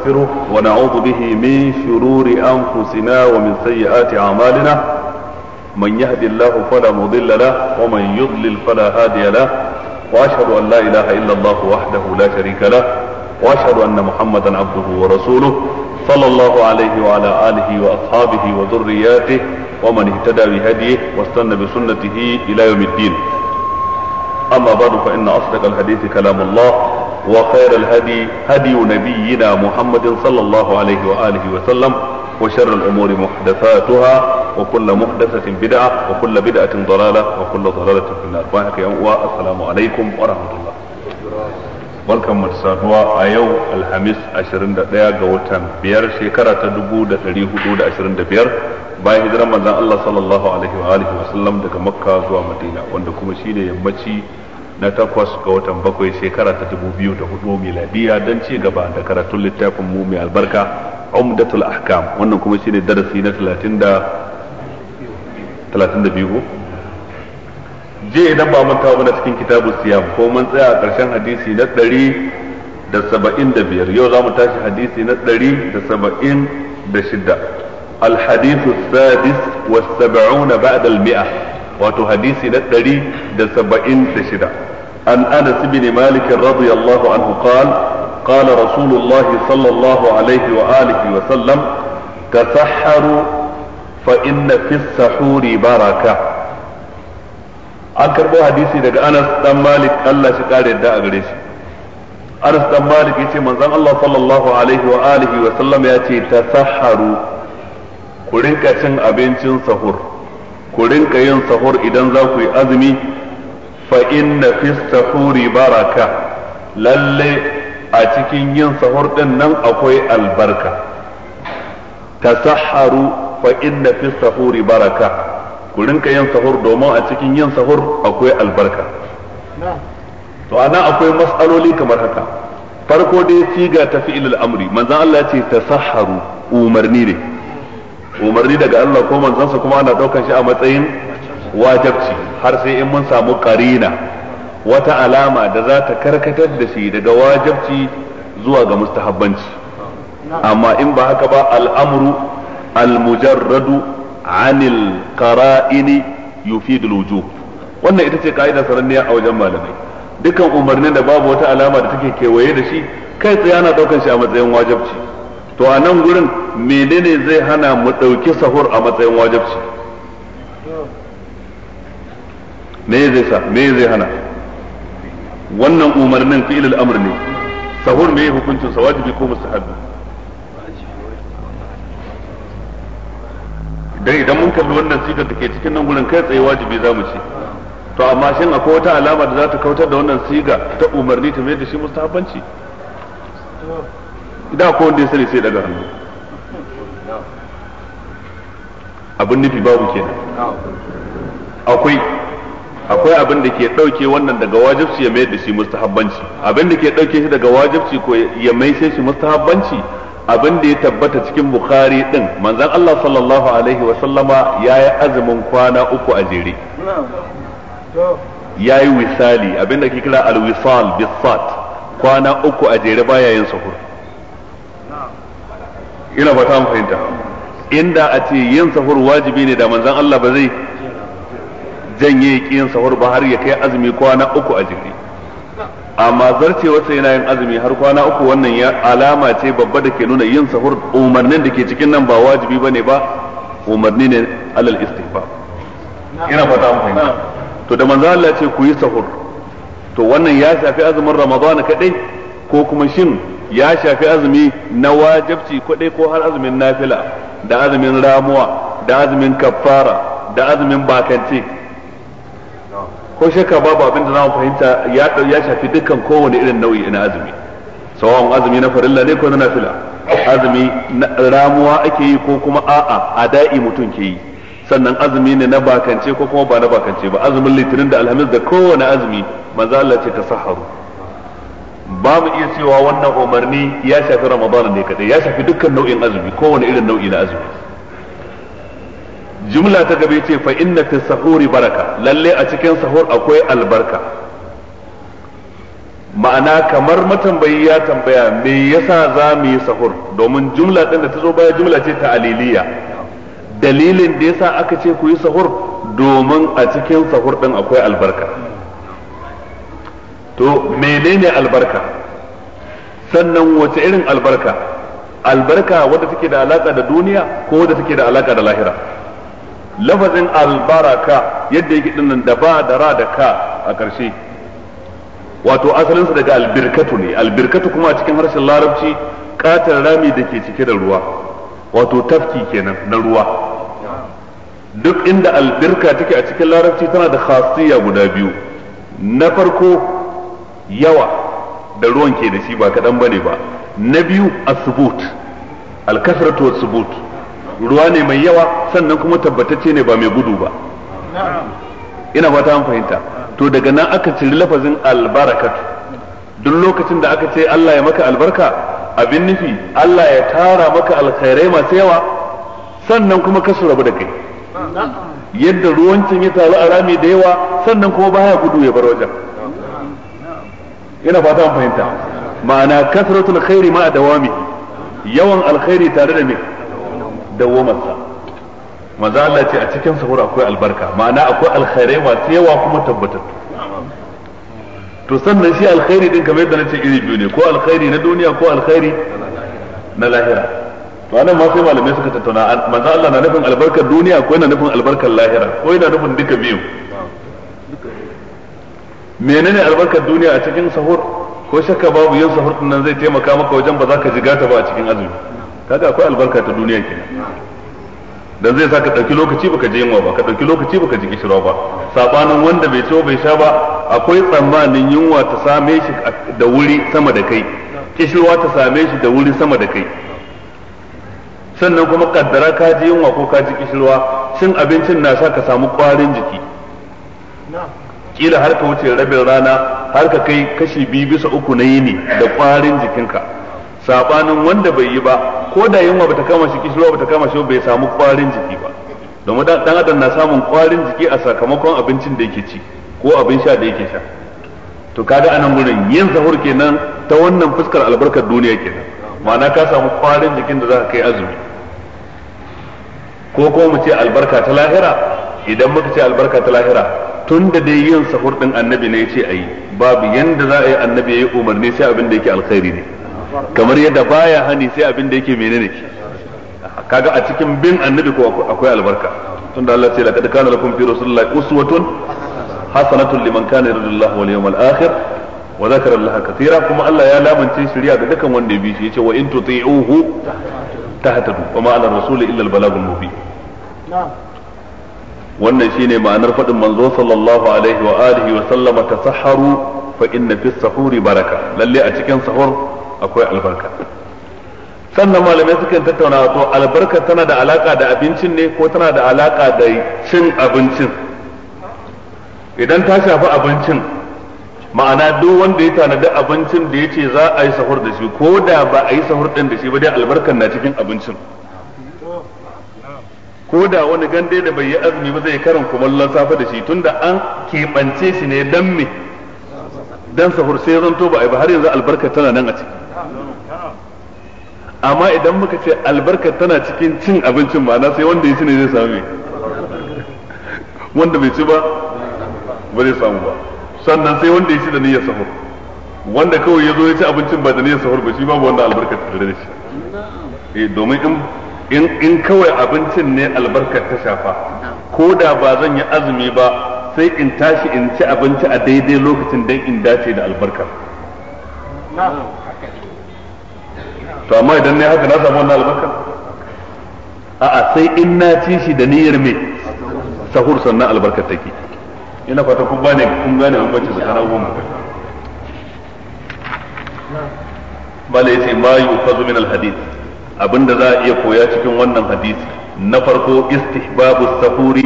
نستغفره ونعوذ به من شرور أنفسنا ومن سيئات أعمالنا من يهد الله فلا مضل له ومن يضلل فلا هادي له وأشهد أن لا إله إلا الله وحده لا شريك له وأشهد أن محمدا عبده ورسوله صلى الله عليه وعلى آله وأصحابه وذرياته ومن اهتدى بهديه واستنى بسنته إلى يوم الدين أما بعد فإن أصدق الحديث كلام الله وخير الهدي هدي نبينا محمد صلى الله عليه وآله وسلم وشر الأمور محدثاتها وكل محدثة بدعة وكل بدعة ضلالة وكل ضلالة في النار باحك السلام عليكم ورحمة الله barkan mu saduwa a yau alhamis 21 ga watan biyar shekara ta 1425 bayan hijiran manzon Allah sallallahu alaihi wa alihi wa sallam daga makka zuwa madina wanda kuma shine yammaci na takwas ga watan bakwai shekara ta dubu biyu da hudu miladiya don ci gaba da karatun littafin mu mai albarka umdatul ahkam wannan kuma shine darasi na talatin da talatin da biyu je idan ba mun tawo cikin kitabu siyam ko mun tsaya a ƙarshen hadisi na ɗari da saba'in da biyar yau za mu tashi hadisi na ɗari da saba'in da shida الحديث السادس والسبعون بعد mi'a wato hadisi na ɗari da saba'in da shida عن انس بن مالك رضي الله عنه قال قال رسول الله صلى الله عليه واله وسلم تسحروا فان في السحور بركه an karɓo hadisi daga anas dan malik allah shi ƙara yadda a gare shi anas dan malik yace manzon allah sallallahu alaihi wa alihi wa sallam yace ce tasahharu ku rinka cin abincin sahur ku rinka yin sahur idan za ku yi azumi fa inna fi sahuri baraka lalle a cikin yin sahur din nan akwai albarka saharu fa inna fi sahuri baraka ku rinka yin sahur domin a cikin yin sahur akwai albarka to anan akwai mas'aloli kamar haka farko dai siga ta fi'il amri manzon Allah ya ce saharu umarni ne umarni daga Allah ko manzansa kuma ana daukar shi a matsayin wajabci har sai in mun samu karina wata alama da za ta karkatar da shi daga wajabci zuwa ga mustahabbanci amma in ba haka ba al'amru al-mujarradu anil qara'ini yufidul wujub wannan ita ce ka'ida sananniya a wajen malamai dukkan umarnin da babu wata alama da take kewaye da shi kai tsaye ana daukan shi a matsayin wajabci to a nan gurin menene zai hana mu dauki sahur a matsayin wajabci me zai sa me zai hana wannan umarnin fi al-amr ne sahur me hukuncin sa wajibi ko mustahabi dai idan mun kalli wannan sigar da ke cikin nan gurin kai tsaye wajibi zamu ce to amma shin akwai wata alama da za ta kautar da wannan siga ta umarni ta mai da shi mustahabanci idan akwai wanda ya sani sai daga hannu abin nufi babu kenan akwai akwai abin da ke ɗauke wannan daga wajibci ya mayar da shi mustahabbanci abin da ke ɗauke shi daga wajibci ko ya mai sai shi mustahabbanci abin da ya tabbata cikin bukhari din manzon Allah sallallahu alaihi wa sallama yayi azumin kwana uku a jere yayi wisali abin da ke kira al alwisal bisat kwana uku a jere baya yin sahur ina ba ta fahimta inda a ce yin sahur wajibi ne da manzon Allah ba zai Zan yi kiyin sahur ba har ya kai azumi kwana uku a jiki amma wata yana yin azumi har kwana uku wannan ya alama ce babba da ke nuna yin sahur umarnin da ke cikin nan ba wajibi ba ne ba umarni ne alal istihba ina fata mu to da manzo Allah ce ku yi sahur to wannan ya shafi azumin ramadana kadai ko kuma shin ya shafi azumi na wajibci kadai ko har azumin nafila da azumin ramuwa da azumin kaffara da azumin bakanci ko shakka babu abin da zamu fahimta ya ya shafi dukkan kowane irin nau'i na azumi sawan azumi na farilla ne ko na nafila azumi ramuwa ake yi ko kuma a'a a da'i mutum ke yi sannan azumi ne na bakance ko kuma ba na bakance ba azumin litinin da alhamis da kowane azumi manzo Allah ce tasaharu ba mu iya cewa wannan umarni ya shafi ramadan ne kadai ya shafi dukkan nau'in azumi kowane irin nau'i na azumi jumla ta gaba ce fa inna fi sahuri baraka lalle a cikin sahur akwai albarka ma'ana kamar matambayi ya tambaya me yasa za mu yi sahur domin jumla din da ta zo baya jumla ce ta aliliya dalilin da yasa aka ce ku yi sahur domin a cikin sahur din akwai albarka to menene albarka sannan wace irin albarka albarka wadda take da alaka da duniya ko wadda take da alaka da lahira lafazin albaraka yadda yake nan da ba da ra da ka a ƙarshe wato asalinsa daga albirkatu ne albirkatu kuma a cikin harshen larabci katar rami da ke cike da ruwa wato tafki kenan na ruwa duk inda albirka take a cikin larabci tana da khasiyya guda biyu na farko yawa da ruwan ke da shi ba kaɗan ne ba na biyu asubut al-kasratu was-subut ruwa ne mai yawa sannan kuma tabbatacce ne ba mai gudu ba ina fata an fahimta to daga nan aka ciri lafazin albarakat duk lokacin da aka ce Allah ya maka albarka abin nufi Allah ya tara maka alkhairai masu yawa sannan kuma ka rabu da kai yadda ruwancin ya taru a rami da yawa sannan kuma baya gudu ya bar wajen ina fata an fahimta ma'ana kasratul khairi ma dawami yawan alkhairi tare da mai dawwamarsa maza Allah ce a cikin sahur akwai albarka ma'ana akwai alkhairai masu yawa kuma tabbatattu to sannan shi alkhairi din kamar yadda nace iri biyu ne ko alkhairi na duniya ko alkhairi na lahira to anan ma sai malamai suka tattauna maza Allah na nufin albarkar duniya ko yana nufin albarkar lahira ko yana nufin duka biyu menene albarkar duniya a cikin sahur ko shakka babu yin sahur din nan zai taimaka maka wajen ba za ka jiga ta ba a cikin azumi kaga akwai albarka ta duniya kenan dan zai sa ka ɗauki lokaci baka je yunwa ba ka ɗauki lokaci baka ji kishirwa ba sabanin wanda bai ciwo bai sha ba akwai tsammanin yunwa ta same shi da wuri sama da kai kishirwa ta same shi da wuri sama da kai sannan kuma kaddara ka ji yunwa ko ka ji kishirwa cin abincin na sa ka samu kwarin jiki kila har ka wuce rabin rana har ka kai kashi biyu bisa uku na yini da kwarin jikinka sabanin wanda bai yi ba ko da yunwa bata kama shi kishirwa bata kama shi bai samu kwarin jiki ba domin dan adam na samun kwarin jiki a sakamakon abincin da yake ci ko abin sha da yake sha to kaga anan gurin yin zahur kenan ta wannan fuskar albarkar duniya kenan ma'ana ka samu kwarin jikin da zaka kai azumi ko kuma mu ce albarka ta lahira idan muka ce albarka ta lahira tun da dai yin sahur din annabi ne ya ce a yi babu yanda za a yi annabi ya yi umarni sai abin da yake alkhairi ne kamar yadda baya hani sai abin da yake menene kaga a cikin bin annabi ko akwai albarka tunda Allah ce laqad kana lakum fi rasulillahi uswatun hasanatun liman kana yarjullaha wal yawmal akhir wa zakara Allah katira kuma Allah ya lamunce shari'a ga dukan wanda ya bi shi yace wa in tuti'uhu tahtadu wa ma ala rasuli illa al balagul mubin wannan shine ma'anar fadin manzo sallallahu alaihi wa alihi wa sallama tasahharu fa inna fis sahuri baraka lalle a cikin sahur akwai albarka sannan malamai suke tattauna to albarka tana da alaka da abincin ne ko tana da alaka da cin abincin idan ta shafi abincin ma'ana duk wanda ya tanadi abincin da ya ce za a yi sahur da shi ko da ba a yi sahur din da shi ba dai albarkan na cikin abincin ko da wani gande da bai yi azumi ba zai karin kumallon safe da shi tunda an keɓance shi ne dan me dan sahur sai zanto ba a yi ba har yanzu albarka tana nan a ciki amma idan muka ce albarkar tana cikin cin abincin ma'ana sai wanda ya ci ne zai ne wanda bai ci ba ba zai samu ba sannan sai wanda ya ci da niyyar sahur wanda kawai ya zo ya ci abincin ba da niyyar sahur ba shi ba wanda albarkar ta da shi eh domin in in kawai abincin ne albarkar ta shafa ko da ba zan yi azumi ba sai in tashi in ci abinci a daidai lokacin dan in dace da albarkar to amma idan ne haka na samu wannan albarka a'a sai in na ci shi da niyyar me sahur sannan albarkar take ina fata kun gane kun gane an bace tsakanin abubuwan bala yace ma yufazu min alhadith abinda za a iya koya cikin wannan hadisi na farko istihbabu sahuri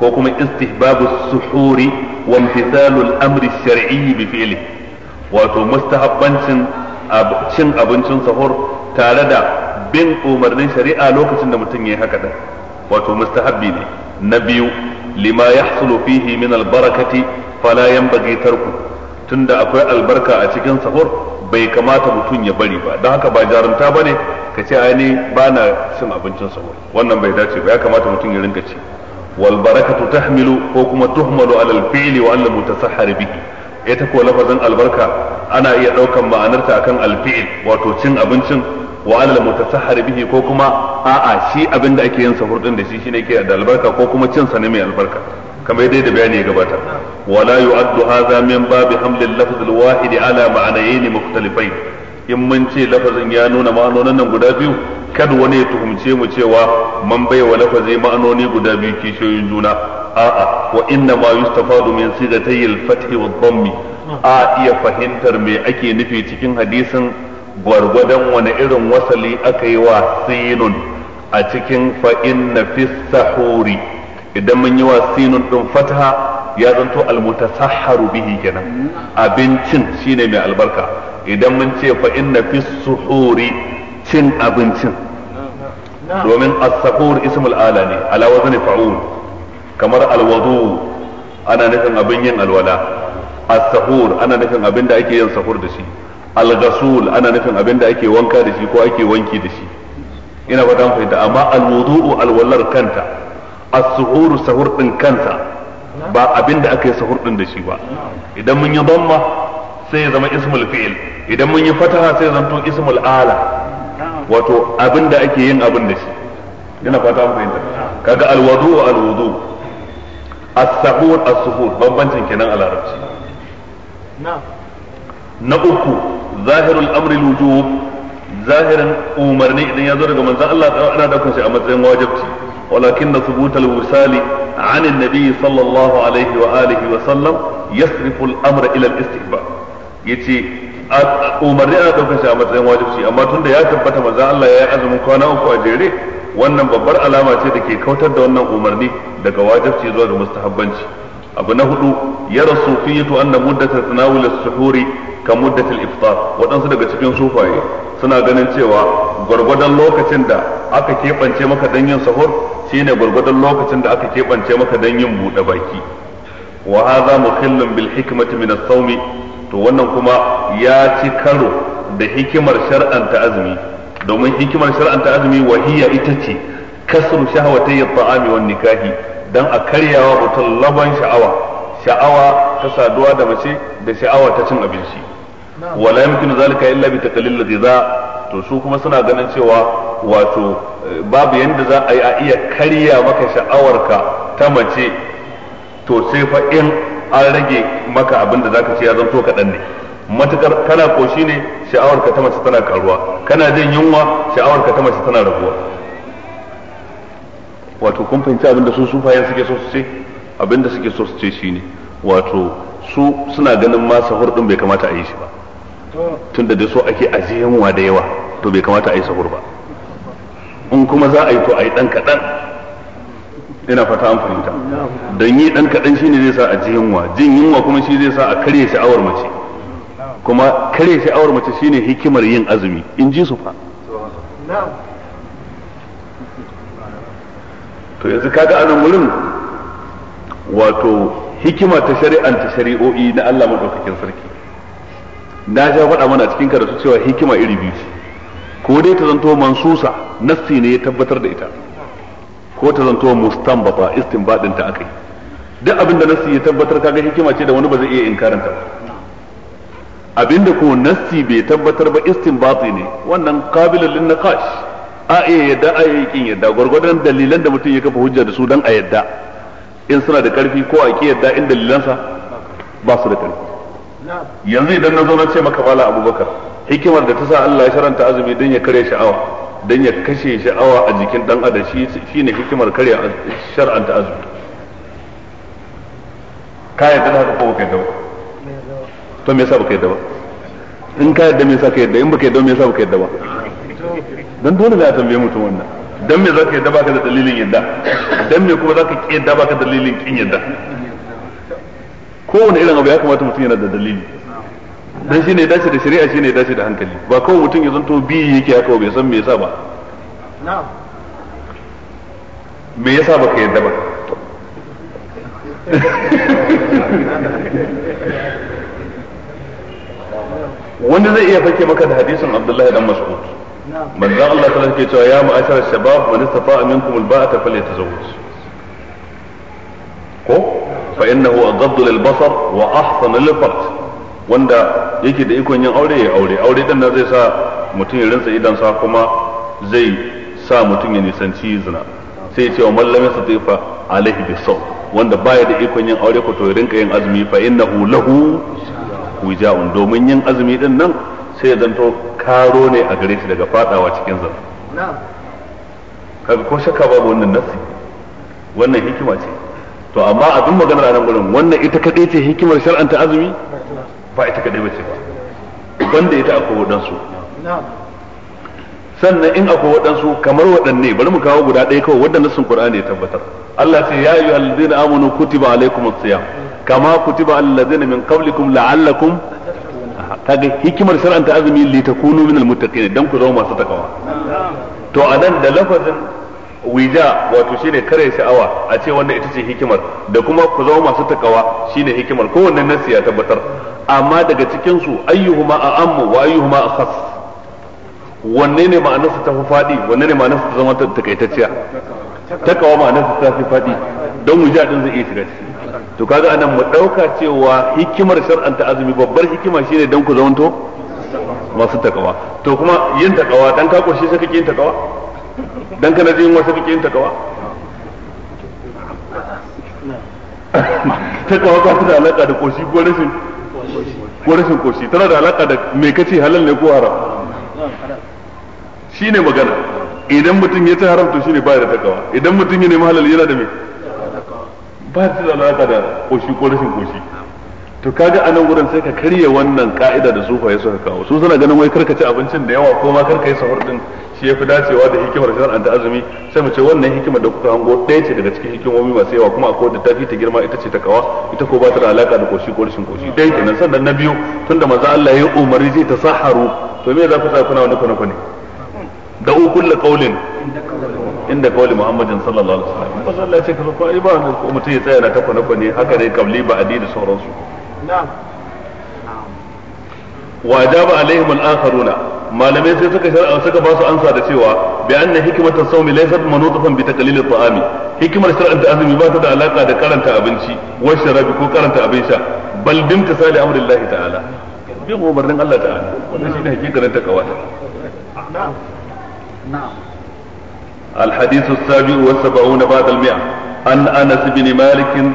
ko kuma istihbabu suhuri wa imtithalu al-amri shar'i bi fi'li wato mustahabbancin cin abincin sahur tare da bin umarnin shari'a lokacin da mutum ya yi haka da wato mustahabbi ne na biyu lima yahsulu fihi min albarakati fala yanbaghi tarku tunda akwai albarka a cikin sahur bai kamata mutum ya bari ba don haka ba jarumta ne ka ce ai ni ba na cin abincin sahur wannan bai dace ba ya kamata mutum ya rinka ci walbarakatu tahmilu ko kuma tuhmalu alal fi'li wa al mutasahhar bihi ita ko lafazin albarka ana iya ɗaukan ma'anarta akan alfi'il wato cin abincin wa alal mutasahhar bihi ko kuma a'a shi abin da ake yin sahur din da shi shine ke da albarka ko kuma cin sa ne mai albarka kamar dai da bayani ya gabata wala yu'addu hadha min babi hamlil lafz al wahid ala ma'anayn mukhtalifain in mun ce lafazin ya nuna ma'anonin nan guda biyu kada wani ya tuhumce mu cewa man bai wa lafazi ma'anoni guda biyu kishiyoyin juna a'a wa inna ma yustafadu min sigatayil fathi wad dhammi a iya fahimtar me ake nufi cikin hadisin gwargwadon wani irin wasali aka yi wa sinun a cikin fa'in na fi idan mun yi wa sinun ɗin fataha ya zanto almutasaharu bihi kenan abincin shine mai albarka idan mun ce fa'in na fi suhuri cin abincin domin asahur ismul ala ne ala wazni fa'ul kamar alwadu ana nufin abin yin alwala as-sahur ana nufin abin da ake yin sahur da shi al-ghasul ana nufin abin da ake wanka da shi ko ake wanki da shi ina ba dan fahimta amma al-wudu'u alwallar kanta as sahur din kanta ba abin da aka yi sahur din da shi ba idan mun yi damma sai ya zama ismul fi'il idan mun yi fataha sai ya zanto ismul ala wato abin da ake yin da shi ina fata fahimta kaga al-wudu'u al bambancin kenan a larabci na uku zahirul amri wujub zahirin umarni idan ya zo daga manzon Allah ta ana daukar shi a matsayin wajibi walakin na subutal wisali an annabi sallallahu alaihi wa alihi wa sallam yasrifu al-amra ila al-istihbab yace umarni ana daukar shi a matsayin wajibi amma tunda ya tabbata manzon Allah ya yi azumin kwana uku a jere wannan babbar alama ce da ke kautar da wannan umarni daga wajibci zuwa ga mustahabbanci abu na hudu ya rasu fiyatu anna muddatul tanawul as-suhuri ka muddatul iftar waɗansu daga cikin sufaye suna ganin cewa gwargwadon lokacin da aka keɓance maka dan yin sahur shine gwargwadon lokacin da aka keɓance maka dan yin buɗe baki wa hadha mukhillun bil hikmati min as-sawmi to wannan kuma ya ci karo da hikimar shar'anta azumi domin hikimar shar'anta azumi wahiya ita ce kasru shahawatayyi at-ta'ami wan nikahi dan a karyawa mutum laban sha'awa sha'awa ta saduwa da mace da sha'awa ta cin abinci wala yumkinu zalika illa bi taqlil ladhiza to su kuma suna ganin cewa wato eh, babu yanda za a yi a iya karya maka sha'awarka ta mace to sai fa in an rage maka abin da zaka ci ya zanto kaɗan ne matukar kana koshi ne sha'awarka ta mace tana karuwa kana jin yunwa sha'awarka ta mace tana raguwa wato kun fahimci abin da su sufayen suke so su ce abin da suke so su ce shine wato su suna ganin ma sahur din bai kamata a yi shi ba tunda da so ake ajiyanwa da yawa to bai kamata a yi sahur ba in kuma za a yi to a yi dan kaɗan ina fata an fahimta don yi dan kaɗan shine zai sa a ji yunwa jin yunwa kuma shi zai sa a karya sha'awar mace kuma karya sha'awar mace shine hikimar yin azumi in ji su fa to yanzu kaga nan wurin wato hikima ta shari'anta shari'o'i na Allah madaukakin sarki na sha faɗa mana cikin karatu cewa hikima iri biyu ko dai ta zanto mansusa nassi ne ya tabbatar da ita ko ta zanto mustanbata istinbadin ta akai duk abinda nassi ya tabbatar kaga hikima ce da wani ba zai iya inkarin ta abinda ko nassi bai tabbatar ba istinbati ne wannan qabilan lin naqash a iya yadda a iya kin yadda gwargwadon dalilan da mutum ya kafa hujja da su dan a yadda in suna da karfi ko a ki yadda in dalilansa ba su da karfi yanzu idan na zo na ce maka mala abubakar hikimar da ta sa Allah ya sharanta azumi dan ya kare sha'awa dan ya kashe sha'awa a jikin dan adam shi shine hikimar kare shar'anta azumi ka yadda haka ko kai da ba to me yasa baka yadda ba in ka yadda me yasa ka yadda in baka yadda me yasa baka yadda ba dan dole za a tambaye mutum wannan dan me zaka yadda baka da dalilin yadda dan me kuma zaka ki yadda baka da dalilin kin yadda kowane irin abu ya kamata mutum yana da dalili dan shine ya dace da shari'a shine ya dace da hankali ba kawai mutum ya zanto ya yake haka bai san me yasa ba na'am me yasa baka yadda ba wanda zai iya fake maka da hadisin Abdullahi dan Mas'ud manzo Allah ta ke cewa ya ma'ashara shabab man istafa minkum alba'ata falyatazawwaj ko fa innahu aghaddu lilbasar wa ahsan lilfarj wanda yake da ikon yin aure ya aure aure din nan zai sa mutum ya rinsa idan sa kuma zai sa mutum ya nisanci zina sai ya ce wa mallam ya satifa alaihi bisawm wanda baya da ikon yin aure ko to ya rinka yin azumi fa innahu lahu wija'un domin yin azumi din nan sai ya zanto karo ne a gare shi daga fadawa cikin zina kaga ko shakka babu wannan nasi wannan hikima ce to amma abin maganar a nan gurin wannan ita kadai ce hikimar shar'anta azumi ba ita kadai ba ce ba banda ita akwai waɗansu sannan in akwai waɗansu kamar waɗanne bari mu kawo guda ɗaya kawai waɗanda sun Qur'ani ya tabbatar Allah ce ya ayyuhal ladzina amanu kutiba alaykumus siyam kama kutiba alal min qablikum la'allakum kaga hikimar shar'anta azumi li takunu minal muttaqin dan ku zama masu takawa to a nan da lafazin wija wato shine kare sha'awa a ce wannan ita ce hikimar da kuma ku zama masu takawa shine hikimar kowanne nasi ya tabbatar amma daga cikin su ayyuhuma a'ammu wa ayyuhuma akhas wanne ne ma'anarsa ta fi fadi wanne ne ma'anar ta zama takaitacciya takawa ma'anarsa ta fi fadi don wija din zai iya shiga ciki to kaga anan mu dauka cewa hikimar shar'anta azumi babbar hikima shine dan ku zamanto masu takawa to kuma yin takawa dan ka koshi sai kake yin takawa dan kana jin wasu kake yin takawa takawa ba ta da alaka da koshi ko rashin ko rashin koshi tana da alaka da me kace halal ne ko haram shine magana idan mutum ya ci haram to shine baya da takawa idan mutum ya nemi halal yana da me ba su da alaka da koshi ko rashin koshi to kaga anan wurin sai ka karya wannan ka'ida da ya suka kawo su suna ganin wai ci abincin da yawa ko ma yi sahur din shi yafi dacewa da hikimar shi ta azumi sai mu ce wannan hikimar da kuka hango ɗaya ce daga cikin hikimomi masu yawa kuma akwai da tafi ta girma ita ce ta kawa ita ko ba ta da alaka da koshi ko rashin koshi dai kenan sannan na biyu tunda maza Allah ya umarni zai saharu to me za ku sa kuna wani kwana kwana da uku da kaulin inda kawali muhammadin sallallahu alaihi wasallam ba Allah ya ce ka ko ai ba ko mutum ya tsaya na ta kwana kwane haka ne kabli ba adi da sauransu na'am wa ajaba alaihim al-akharuna malamai sai suka shar'a suka ba su ansa da cewa bi anna hikmatu sawmi laysat manutufan bi taqlil at-ta'ami hikimar shar'anta azumi ba ta da alaka da karanta abinci wa sharabi ko karanta abin sha bal bimtisali amrillahi ta'ala bi umarnin Allah ta'ala wannan shine hakikarin takawa na'am نعم الحديث السابع والسبعون بعد المئة عن أنس بن مالك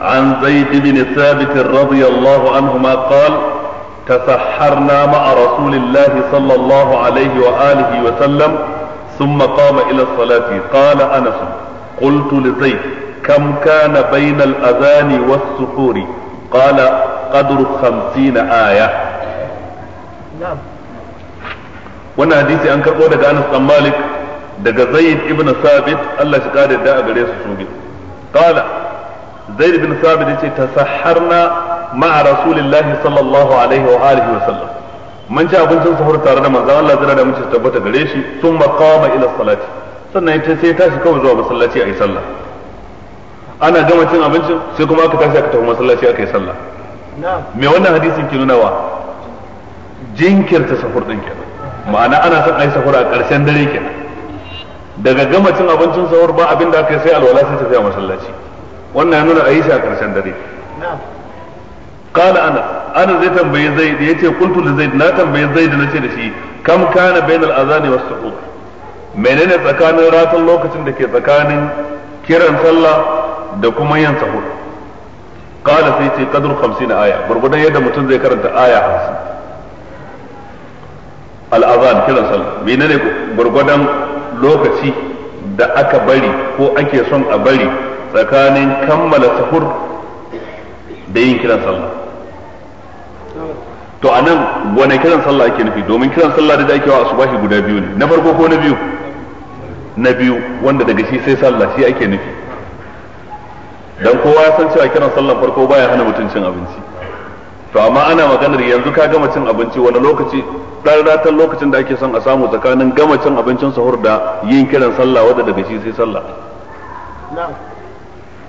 عن زيد بن ثابت رضي الله عنهما قال تسحرنا مع رسول الله صلى الله عليه وآله وسلم ثم قام إلى الصلاة قال أنس قلت لزيد كم كان بين الأذان والسحور قال قدر خمسين آية نعم wannan hadisi an karɓo daga Anas bin Malik daga Zaid ibn Sabit Allah shi kada da a gare su su bi qala Zaid ibn Sabit yace tasahharna ma'a Rasulillahi sallallahu alaihi wa alihi wa sallam mun ci abincin sahur tare da manzon Allah zira da mun tabbata gare shi sun maqama ila salati sannan ita sai tashi kawai zuwa masallaci ayi sallah ana gama cin abincin sai kuma aka tashi aka tafi masallaci aka yi sallah me wannan hadisin ke nunawa jinkirta sahur din kenan ma'ana ana son a yi sahur a ƙarshen dare kenan daga gama cin abincin sahur ba abin da aka yi sai alwala sai tafiya masallaci wannan ya nuna a yi shi a ƙarshen dare قال انا انا زي تنبيه زيد يتي قلت لزيد لا تنبيه زيد نتي دشي كم كان بين الاذان والسحور menene tsakanin ratan lokacin da ke tsakanin kiran sallah da kuma yin sahur kala sai ce qadru 50 aya gurgudan yadda mutum zai karanta aya 50 al'azan kiran sallah menene gwargwadon lokaci da aka bari ko ake son a bari tsakanin kammala sahur da yin kiran sallah to a nan wane kiran sallah ake nufi domin kiran sallah da ake wa asubahi guda biyu ne na farko ko na biyu na biyu wanda daga shi sai sallah shi ake nufi dan kowa ya san cewa kiran sallah farko baya hana mutum cin abinci to amma ana maganar yanzu ka gama cin abinci wani lokaci dan ratan lokacin da ake son a samu tsakanin gama cin abincin sahur da yin kiran sallah wanda daga shi sai sallah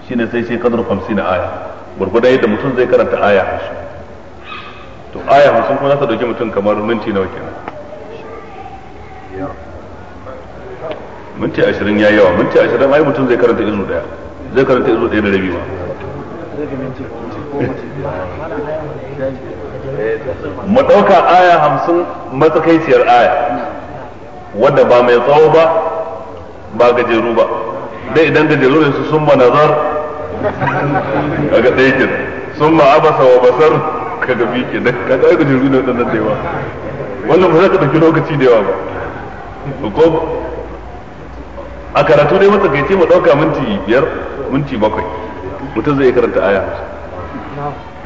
shine sai shi kadar 50 aya gurguda yadda mutum zai karanta aya to aya 50 kuma za ta dauki mutum kamar minti nawa kenan minti 20 yayi yawa minti 20 ai mutum zai karanta izu daya zai karanta izu daya da rabi ma mu ɗauka aya hamsin matsakaiciyar aya wadda ba mai tsawo ba ba gajeru ba dai idan gajeru ne su sun ma nazar ga ɗaya ke sun ma abasa wa basar ka bi ke da kaga gajeru ne waɗannan da yawa wannan ba za ka ɗauki lokaci da yawa ba ko a karatu dai matsakaici mu ɗauka minti biyar minti bakwai mutum zai karanta aya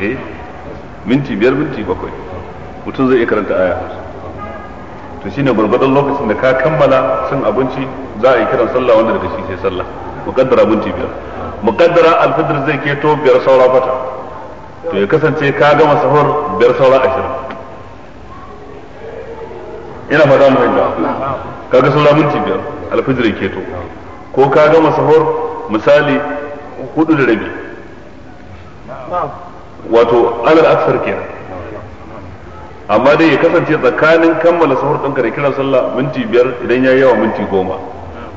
eh minti biyar minti bakwai mutum zai iya karanta aya to shine gwargwadon lokacin da ka kammala cin abinci za a yi kiran sallah wanda daga shi sai sallah muqaddara minti biyar muqaddara alfajr zai keto biyar saura fata to ya kasance ka gama sahur biyar saura ashirin ina fada mu Ka kaga saura minti biyar alfajr keto ko ka gama sahur misali hudu da rabi wato alal aksar kenan amma dai ya kasance tsakanin kammala sahur ka da kiran sallah minti biyar idan ya yawa minti goma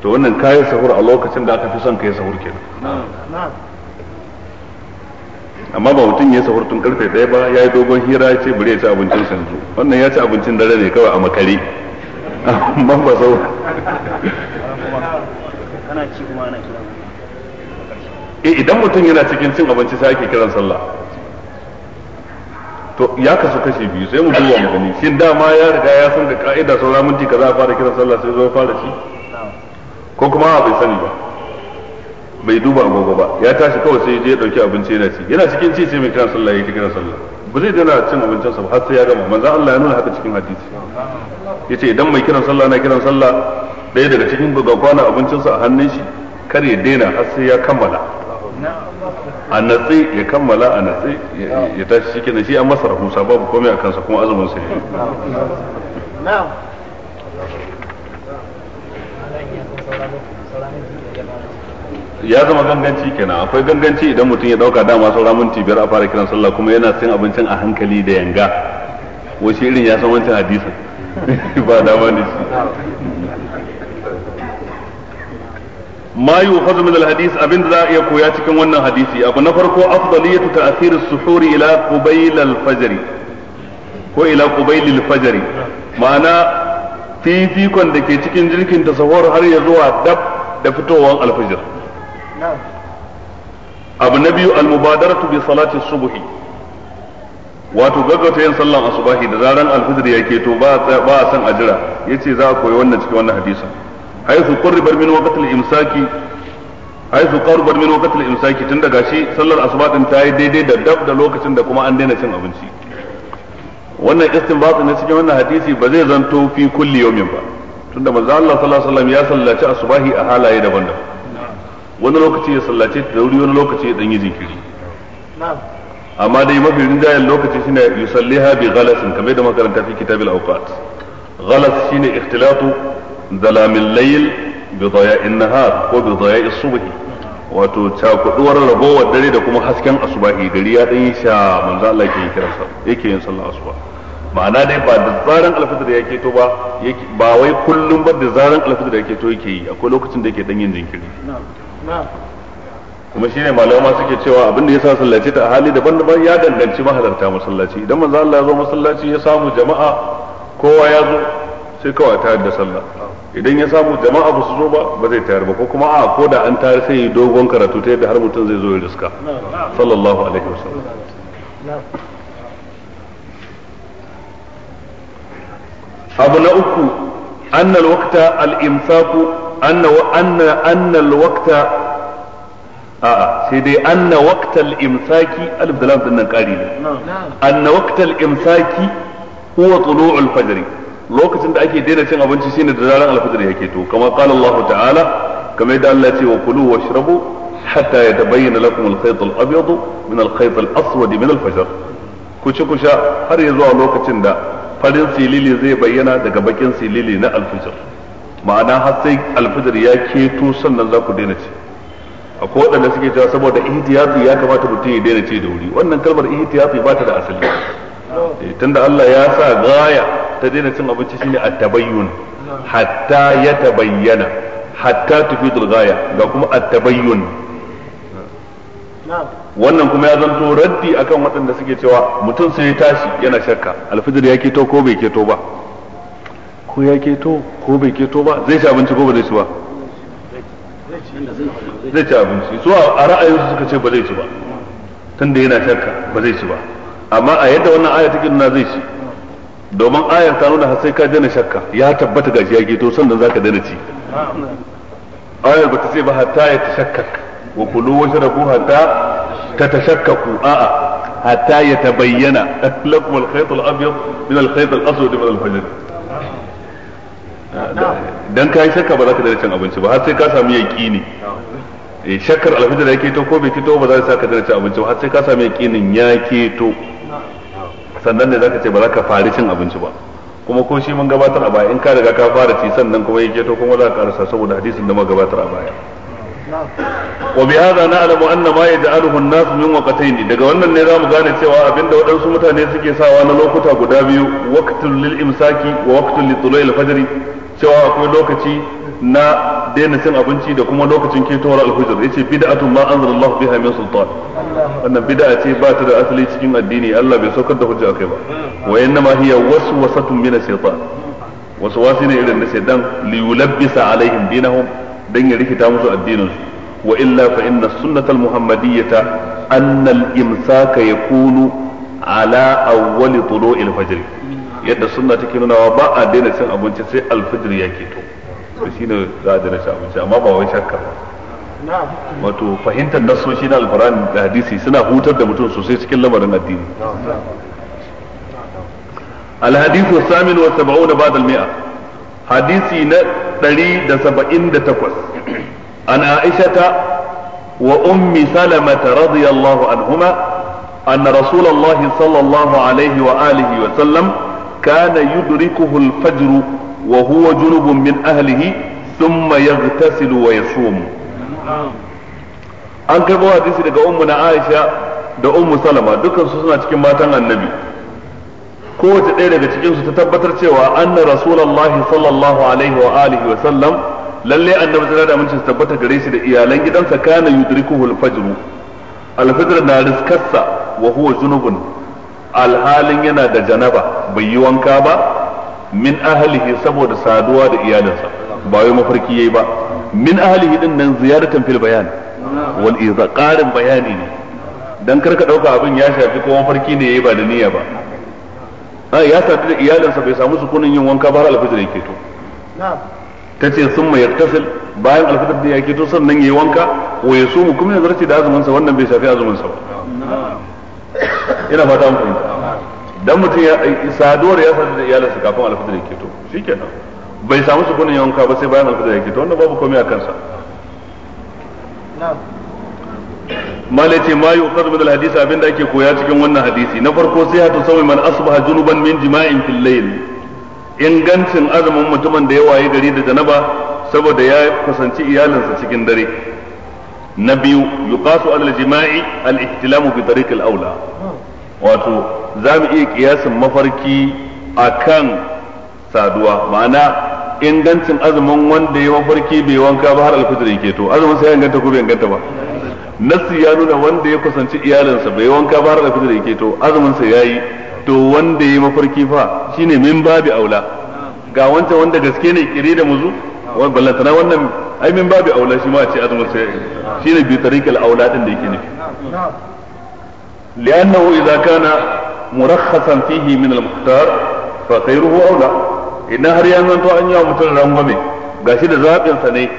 to wannan kayan sahur a lokacin da aka fi son kai yi sahur kenan amma ba mutum ya sahur tun karfe ɗaya ba ya yi dogon hira ya ce bari ya ci abincin sanzu wannan ya ci abincin dare ne kawai a makare amma ba sahur kana ci eh idan mutum yana cikin cin abinci sai ake kiran sallah to ya kasu kashi biyu sai mu duba mu gani shin dama ya riga ya san da ka'ida saura minti kaza a fara kiran sallah sai zo fara shi ko kuma bai sani ba bai duba agogo ba ya tashi kawai sai je ya dauki abinci yana ci yana cikin ci sai mai kiran sallah ya kiran sallah ba zai dana cin abincin sa har sai ya gama manzo Allah ya nuna haka cikin hadisi yace idan mai kiran sallah na kiran sallah daya daga cikin kwana abincin sa a hannun shi kar ya daina har sai ya kammala a natsi ya kammala a natsi ya tashi shi kenan shi an masa rahusa babu komai a kansa kuma azumin sa ya zama ganganci kenan akwai ganganci idan mutum ya dauka dama saura minti biyar a fara kiran sallah kuma yana cin abincin a hankali da yanga wasu irin ya san wancan hadisin ba dama ne shi Mayu, yu'khadhu min al-hadith abinda za a iya koya cikin wannan hadisi abu na farko afdaliyatu ta'thir as-suhur ila qubayl al ko ila qubayl al ma'ana fifikon da ke cikin jirkin tasawwur har ya zuwa dab da fitowar abu na biyu al subhi wato gaggauta yin sallan asubahi da zaran al yake ya keto ba ba san ajira yace za a koyi wannan cikin wannan hadisin haythu qurribar min waqt min waqt al-imsaki tun daga shi sallar asuba din ta yi daidai da dab da lokacin da kuma an daina cin abinci wannan istinbat ne cikin wannan hadisi ba zai zanto fi kulli yawmin ba tunda manzo Allah sallallahu ya sallaci asubahi a halaye daban-daban wani lokaci ya sallace ta dauri wani lokaci ya dan yi jinkiri amma dai mafi rinjayen lokaci shine yusalliha bi ghalasin kamar da makaranta fi kitabil awqat ghalas shine ikhtilatu ظلام layil بضياء النهار nahar ko bi wato cakuduwar wa dare da kuma hasken asubahi gari ya dan sha manzo Allah yake kira sa yake yin sallar asuba ma'ana dai ba da zaran alfitr ya keto ba ba wai kullum ba da zaran alfitr ya keto yake yi akwai lokacin da yake dan yin jinkiri kuma shine malama ma suke cewa abin da yasa sallaci ta hali daban-daban ya danganci mahalarta masallaci idan manzo Allah ya zo masallaci ya samu jama'a kowa ya zo sai kawai ta da sallah idan ya samu jama'a ba su zo ba ba zai tayar ba ko kuma a ko da an tayar sai yi dogon karatu ta yadda har mutum zai zo ya riska sallallahu alaihi wasallam abu na uku anna alwaqta al-imsaku anna anna anna alwaqta a'a sai dai anna waqta al-imsaki alif da lam din nan kari ne anna waqta al-imsaki huwa tulu'ul fajr lokacin da ake daina cin abinci shine da zaran alfajir ya keto kamar qala Allah ta'ala kamar da Allah ya ce wa kulu washrabu hatta yatabayyana lakum al-khayt al-abyad min al-khayt al-aswad min al-fajr ku ci ku sha har ya zuwa lokacin da farin silili zai bayyana daga bakin silili na alfajir ma'ana har sai alfajir ya keto sannan za ku daina ci akwai waɗanda suke cewa saboda ihtiyati ya kamata mutum ya daina ci da wuri wannan kalmar ihtiyati ba ta da asali eh, tunda Allah ya sa gaya ta daina cin abinci shine a tabayyun hatta tabayyana hatta tufidul ghaya ga kuma a tabayyun wannan kuma ya zanto raddi akan waɗanda suke cewa mutum sai ya tashi yana shakka alfijir ya keto ko bai keto ba ko ya keto ko bai keto ba zai ci abinci ko ba zai ci ba zai ci abinci su a su suka ce ba zai ci ba tunda yana shakka ba zai ci ba amma a yadda wannan aya take nuna zai ci domin ayar ta nuna sai ka daina shakka ya tabbata gashi ya geto sannan zaka daina ci ayar bata ce ba hatta ya tashakkak wa kulu washrabu hatta tatashakkaku a'a hatta yatabayyana lakum al-khayt al-abyad min al-khayt al-aswad min al-fajr dan kai shakka ba za ka daina cin abinci ba har sai ka samu yaqini eh, shakkar alfajir ya keto ko bai keto ba za ka daina cin abinci ba har sai ka samu yaqinin ya keto sannan ne zaka ce ba za ka fara cin abinci ba kuma ko shi mun gabatar a baya in ka riga ka fara ci sannan kuma yake to kuma za ka karasa saboda hadisin da muka gabatar a baya wa bi alamu anna ma yaj'aluhu an-nas min waqtayn daga wannan ne zamu gane cewa abinda wadansu mutane suke sawa na lokuta guda biyu waqtul lil imsaki wa waqtul li tulu'il fajr cewa akwai lokaci na daina cin abinci da kuma lokacin ketowar alhujjar yace bid'atun ma anzalallahu biha min sultan wannan bid'a ce ba ta da asali cikin addini Allah bai saukar da hujja kai ba wa innama hiya waswasatun min shaytan waswasi ne irin na shaytan li yulabbisa alaihim dinahum dan ya rikita musu addinin su wa illa fa inna sunnatal muhammadiyyata an al-imsaka yakunu ala awwali tulu'il fajr yadda sunna take nunawa ba a daina cin abinci sai alfijir ya keto to shine za a daina cin abinci amma ba wai shakka ba wato fahimtar nasoshi na alkur'ani da hadisi suna hutar da mutum sosai cikin lamarin addini الحديث mi'a, hadisi na ɗari da saba'in da takwas, عن Aishata wa Ummi رضي الله عنهما أن رسول الله صلى الله عليه وآله وسلم kana yudrikuhu al-fajr wa huwa junubun min ahlihi thumma wa an karbo hadisi daga ummu na Aisha da ummu Salama dukkan su suna cikin matan annabi kowace ɗaya daga cikin su ta tabbatar cewa anna rasulullahi sallallahu alaihi wa alihi wa sallam lalle annabi tsira da amincin tabbata gare shi da iyalan gidansa kana yudrikuhul fajr al na riskarsa wa huwa junubun alhalin yana da janaba bai yi wanka ba min ahlihi saboda saduwa da iyalinsa ba wai mafarki yayi ba min ahlihi din nan ziyaratan fil bayan wal iza qarin bayani ne dan karka dauka abin ya shafi ko mafarki ne yayi ba da niyya ba a ya sadu da iyalinsa bai samu sukunin yin wanka ba har alfajir yake to ta ce sun mai yaktasil bayan alfajir da yake to sannan yi wanka wa mu kuma ya zarce da azumin wannan bai shafi azumin sa ba ina fata mun fahimta dan mutum ya eh, saduwar ya sadu da iyalinsa kafin alfajir yake to shikenan bai samu su sukunin yawanka ba sai bayan alfajir yake to wannan babu komai a kansa malai ce ma yuqad min alhadisi abinda ake koya cikin wannan hadisi na farko sai hatu sawi man asbaha junuban min jima'in fil layl ingancin azumin mutumin da ya waye gari da janaba saboda ya kusanci iyalinsa cikin dare na biyu yuqasu alal jima'i al-ihtilamu bi tariq al-aula wato za mu iya kiyasin mafarki a kan saduwa ma'ana ingancin azumin wanda ya mafarki bai wanka ba har alfitar yake to azumin sai inganta ko bai inganta ba nasu ya nuna wanda ya kusanci iyalinsa bai wanka ba har alfitar yake to azumin sa yayi to wanda ya mafarki fa shine min babi aula ga wancan wanda gaske ne kire da muzu wai ballantana wannan ai min babi aula shi ma a ce azumin sa shine bi tariqal aula din da yake nufi لأنه إذا كان مرخصا فيه من المختار فخيره أولى إن هريان من تو أن يوم تنرمه gashi da zaɓin sa ne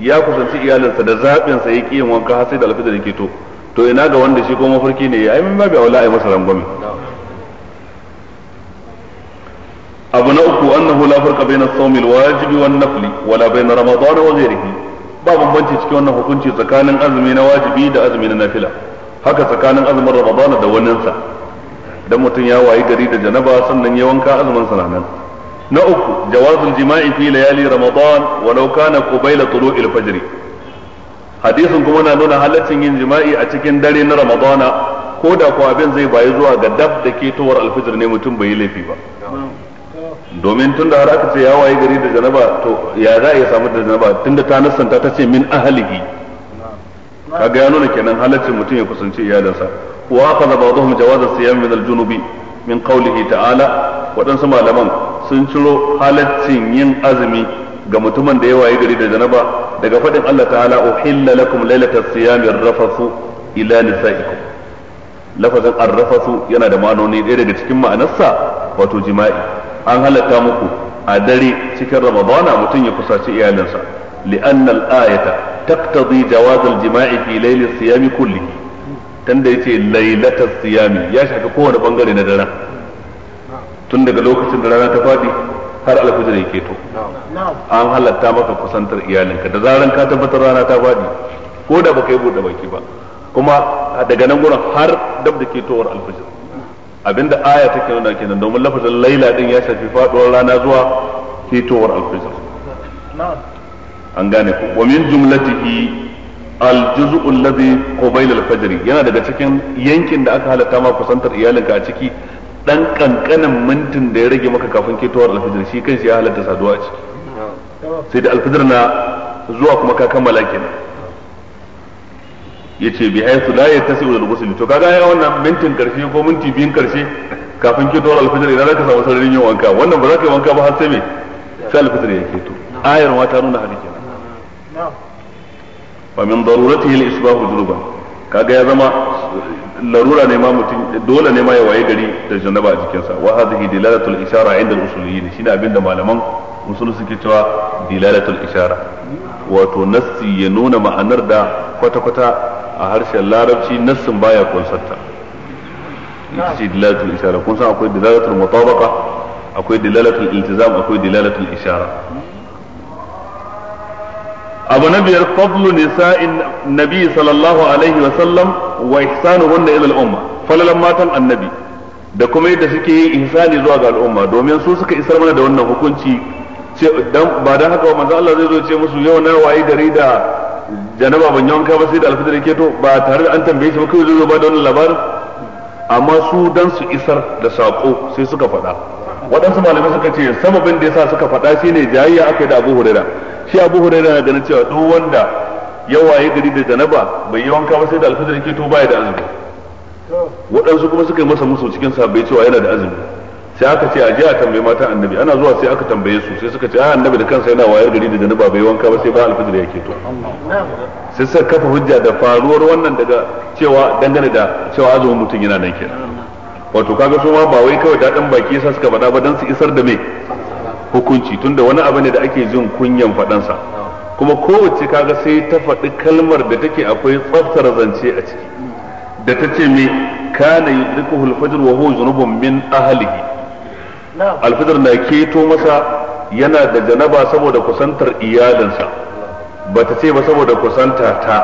ya kusanci iyalinsa da zaɓin sa yake yin wanka har sai da alfidar yake to to ina ga wanda shi ko mafarki ne yayi min babu aula ai masa rangwame abu na uku annahu la farqa bayna as wajibi wan nafli wala bayna ramadan wa ghayrihi ba bambanci cikin wannan hukunci tsakanin azumi na wajibi da azumi na nafila haka tsakanin azumin ramadana da waninsa dan mutum ya wayi gari da janaba sannan ya wanka azumin sa nan na uku jawazul jima'i fi layali ramadan walau kana qabila tulu'il fajr hadisin kuma na nuna halaccin yin jima'i a cikin dare na ramadana ko da ko abin zai bayi zuwa ga dab da ketowar alfijir ne mutum bai yi laifi ba domin tun da har aka ce ya wayi gari da janaba to ya za a iya samu da janaba tunda ta nassanta ta ce min ahalihi kaga ya nuna kenan halaccin mutum ya kusanci iyalinsa wa akhadha ba'dhum jawaz as-siyam min al-junubi min qawlihi ta'ala waɗansu malaman sun ciro halaccin yin azumi ga mutumin da ya waye gari da janaba daga faɗin Allah ta'ala uhilla lakum lailatas siyami rafasu ila nisaikum lafazin arrafasu yana da ma'anoni ɗaya daga cikin ma'anarsa wato jima'i an halatta muku a dare cikin ramadana mutum ya kusaci iyalinsa li'anna al-ayata taqtadi jawaz al-jima'i fi layl siyami kulli tunda yace lailatul ya shafi kowane bangare na dare tun daga lokacin da rana ta fadi har alfajir yake to an halatta maka kusantar iyalinka da zaran ka tabbatar rana ta fadi ko da baka yi bude baki ba kuma daga nan gurin har dab da ketowar alfajir abinda aya take nuna kenan domin lafazin laila din ya shafi faduwar rana zuwa ketowar alfajir an gane ku wa min jumlatihi al-juz'u alladhi qabila al yana daga cikin yankin da aka halatta ma kusantar iyalinka a ciki dan kankanin mintin da ya rage maka kafin ketowar al-fajr shi kanshi ya halatta saduwa a ciki sai da al na zuwa kuma ka kammala kenan yace bi haythu la yattasi'u lil-ghusl to kaga ya wannan mintin karshe ko minti biyun karshe kafin ketowar al-fajr idan zaka samu sararin yin wanka wannan ba za ka yi wanka ba har sai me sai al-fajr ya keto ayar ma ta nuna hali kenan fa min daruratihi al-isbahu junuban kaga ya zama larura ne ma mutum dole ne ma ya waye gari da janaba a jikinsa wa hadhihi dilalatul ishara inda al-usuliyyin shine abinda malaman usul suke cewa dilalatul ishara wato nassi ya nuna ma'anar da kwata-kwata a harshen larabci nassin baya kunsarta ita ce dilalatul ishara kun san akwai dilalatul mutabaqa akwai dilalatul iltizam akwai dilalatul ishara abu na biyar fadlu nisa'in nabi sallallahu alaihi wa sallam wa ihsanuhunna ila al-umma falalan matan annabi da kuma yadda suke yin ihsani zuwa ga al'umma domin su suka isar mana da wannan hukunci ce dan ba dan haka manzo Allah zai zo ce musu yau na wayi gari da janaba ban yanka ba sai da alfitar ke to ba tare da an tambaye shi ba kai zai zo ba da wannan labarin amma su dan su isar da sako sai suka faɗa waɗansu malamai suka ce sababin da yasa suka faɗa shine jayayya aka yi da Abu Hurairah shi abu huraira na ganin cewa duk wanda ya waye gari da janaba bai yi wanka ba sai da alfajir yake to baya da azumi waɗansu kuma suka yi masa musu cikin sahabbai cewa yana da azumi sai aka ce a je a tambayi mata annabi ana zuwa sai aka tambaye su sai suka ce a ah, annabi da kansa yana wayar gari da janaba bai wanka ba sai ba alfajir yake to sai suka kafa hujja da faruwar wannan daga cewa dangane da cewa azumin mutum yana nan kenan wato kaga su ma ba wai kawai daɗin baki sa suka faɗa ba don su isar da me hukunci tunda wani abu ne da ake jin kunyan faɗansa kuma kowace kaga sai ta faɗi kalmar da take akwai tsaftar zance a ciki da ta ce me kana yi duka fajr wa huwa zunubun min ahalihi al na keto masa yana da janaba saboda kusantar iyalinsa ba ta ce ba saboda kusanta ta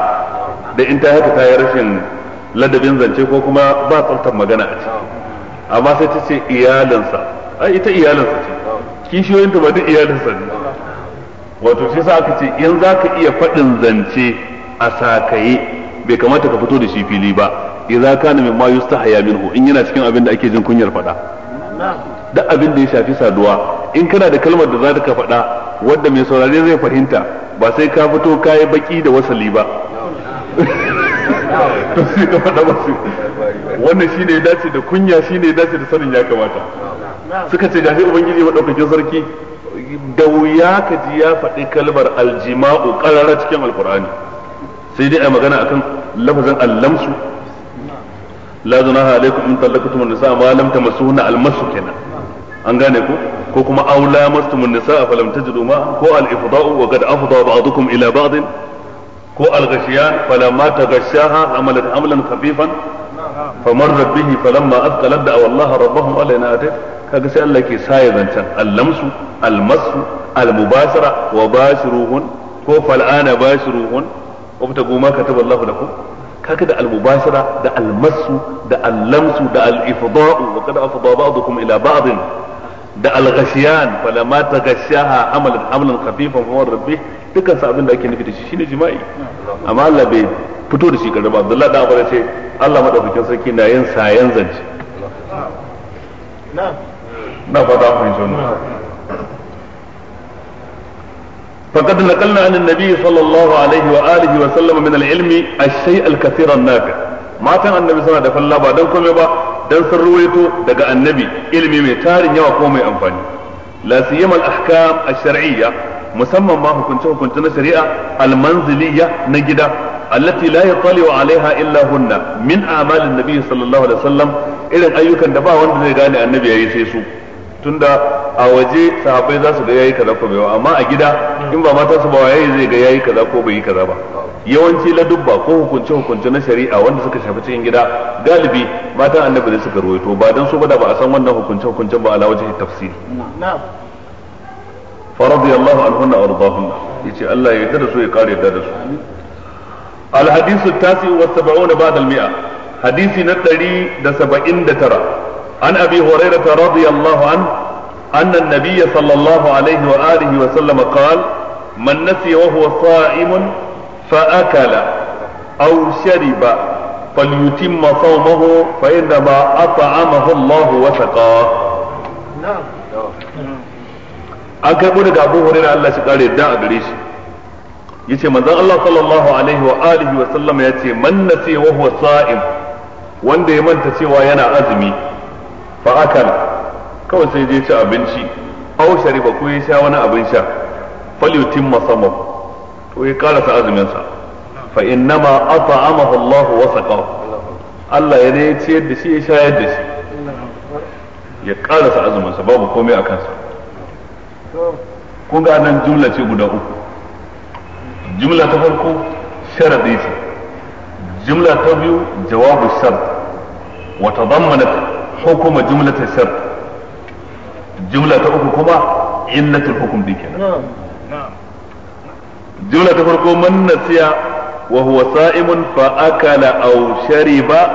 da in ta haka ta yi rashin ladabin zance ko kuma ba tsaftar magana a ciki amma sai ta ce iyalinsa ai ita iyalinsa ce kishiyoyin ta ba duk iyalinsa ne wato shi sa aka ce in za ka iya faɗin zance a sakaye bai kamata ka fito da shi fili ba za idza kana mimma yustahya minhu in yana cikin abin da ake jin kunyar faɗa duk abin da ya shafi saduwa in kana da kalmar da za ka faɗa wadda mai saurare zai fahimta ba sai ka fito ka yi baki da wasali ba to sai ka faɗa ba wannan shine ya dace da kunya shine ya dace da sanin ya kamata suka ce gashi ubangiji madaukakin sarki da wuya ka ji ya faɗi kalmar aljima'u ƙarara cikin alkur'ani sai dai a magana akan lafazin allamsu la zunaha alaikum in tallaqtum an-nisa ma lam tamassuhunna almasu kenan an gane ko ko kuma aw lamastum an-nisa falam tajidu ma ko al-ifda'u wa qad afda ba'dukum ila ba'd ko al-ghashiyan falamma taghashaha amalat amlan khafifan fa marrat bihi falamma azqalat da wallahi rabbahum alaina atai kaga sai Allah ke sa ya zancan allamsu almasu almubasara wa bashiruhun ko fal'ana bashiruhun wabtagu ma kataba Allahu lakum kaga da almubasara da almasu da allamsu da alifda'u wa kad afda ba'dukum ila ba'd da alghashiyan falamma taghashaha amalan amalan khafifan fa rabbi dukkan sa abin da ake nufi da shi shine jima'i amma Allah bai fito da shi karba Abdullahi da Abbas ce Allah madaukakin sarki na yin sayan zance na fata an fahimci wannan فقد نقلنا عن النبي صلى الله عليه وآله وسلم من العلم الشيء الكثير النافع ما كان النبي صلى الله عليه وسلم بعد كم با dan ruwaito daga annabi ilimi mai tarin yawa ko mai amfani la siyama al ahkam al shar'iyya musamman ma hukunce hukunce na shari'a al na gida allati la yattali'u 'alaiha illa hunna min a'malin nabiy sallallahu alaihi wasallam irin ayyukan da ba wanda zai gane annabi yayi sai su tunda a waje sahabbai za su ga yayi kaza ko bai amma a gida in ba mata su ba yayi zai ga yayi kaza ko bai yi kaza ba yawanci ladubba ko hukunce hukunce na shari'a wanda suka shafi cikin gida galibi mata annabi da suka ruwaito ba dan su ba da ba a san wannan hukunce hukunce ba ala wajen tafsiri fa radiyallahu anhunna wa radahunna yace Allah ya yarda da su ya kare yarda da su الحديث التاسع والسبعون بعد المئة حديث نتري دسبعين دترى عن أبي هريرة رضي الله عنه أن النبي صلى الله عليه وآله وسلم قال من نسي وهو صائم فأكل أو شرب فليتم صومه فإنما أطعمه الله وسقاه نعم أكبر kai daga الله hurairu Allah shi yace manzon Allah sallallahu alaihi wa alihi wa sallam yace man nasi wa huwa sa'im wanda ya manta cewa yana azumi fa akala kawai sai je ci abinci aw shariba ko ya sha wani abin sha falyutimma samam to ya karasa azumin sa fa innama at'amahu Allah wa saqahu Allah ya ne ciyar da shi ya shayar da shi ya karasa azumin sa babu komai a kansa kun ga nan jumla ce guda uku jumla ta farko sharadi ce jumla ta biyu jawabu shart wa tadammanat hukuma ta shart jumla ta uku kuma illatul hukm din kenan jumla ta farko man nasiya wa huwa sa'imun fa akala aw shariba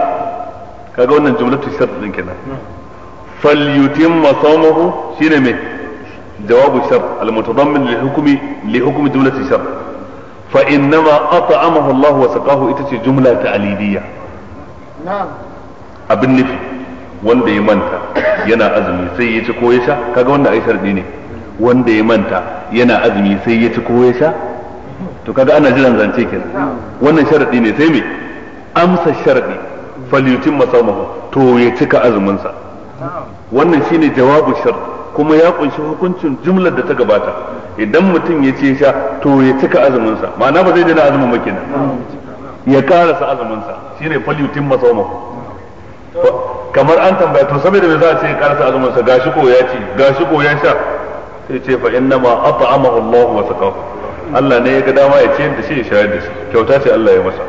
kaga wannan jumla jumlatul shart din kenan falyutimma sawmahu shine me jawabu shart al mutadammin li hukmi li hukmi jumlatul shart fa innama at'amahu Allah wa saqahu ita ce jumla ta alidiyya abin nufi wanda ya manta yana azumi sai ya ci ko ya sha kaga wannan ai sharadi ne wanda ya manta yana azumi sai ya ci ko ya sha to kaga ana jiran zance kenan wannan sharadi ne sai me amsa sharadi falyutimma sawmahu to ya cika azumin sa wannan shine jawabu shart kuma ya kunshi hukuncin jumlar da ta gabata idan mutum ya ce sha to ya cika azuminsa, ma'ana ba zai daina azumin maki kenan ya karasa azumin sa shine falyutin masawma kamar an tambaya to saboda me za a ce ya karasa azuminsa, gashi ko ya ci gashi ko ya sha sai ce fa inna ma at'amahu Allah wa saqahu Allah ne ya ga dama ya ciyar da shi ya shayar da shi kyauta ce Allah ya masa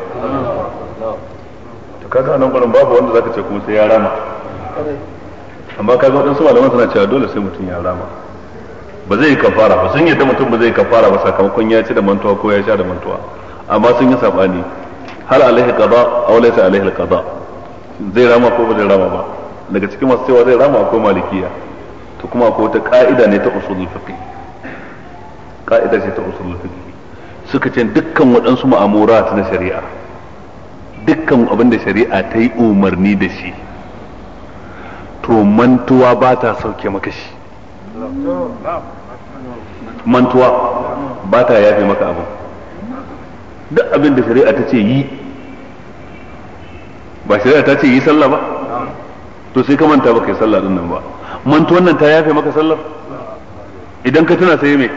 to kaga nan gurin babu wanda zaka ce kuma sai ya rama amma zo waɗansu malaman suna cewa dole sai mutum ya rama ba zai kafara ba sun yadda mutum ba zai kafara ba sakamakon ya ci da mantuwa ko ya sha da mantuwa amma sun yi saɓani hal alaihi qada aw laysa alaihi qada zai rama ko ba zai rama ba daga cikin masu cewa zai rama akwai malikiya to kuma ko ta ka'ida ne ta usul fiqh ka'ida ce ta usul fiqh suka ce dukkan waɗansu ma'amurat na shari'a dukkan abin da shari'a ta yi umarni da shi to mantuwa ba ta sauke maka shi mantuwa ba ta yafe maka abu duk abin da shari'a ta ce yi ba shari'a ta ce yi sallah ba to sai ka manta ba kai sallah din nan ba mantuwan nan ta yafe maka sallar idan ka tuna sai me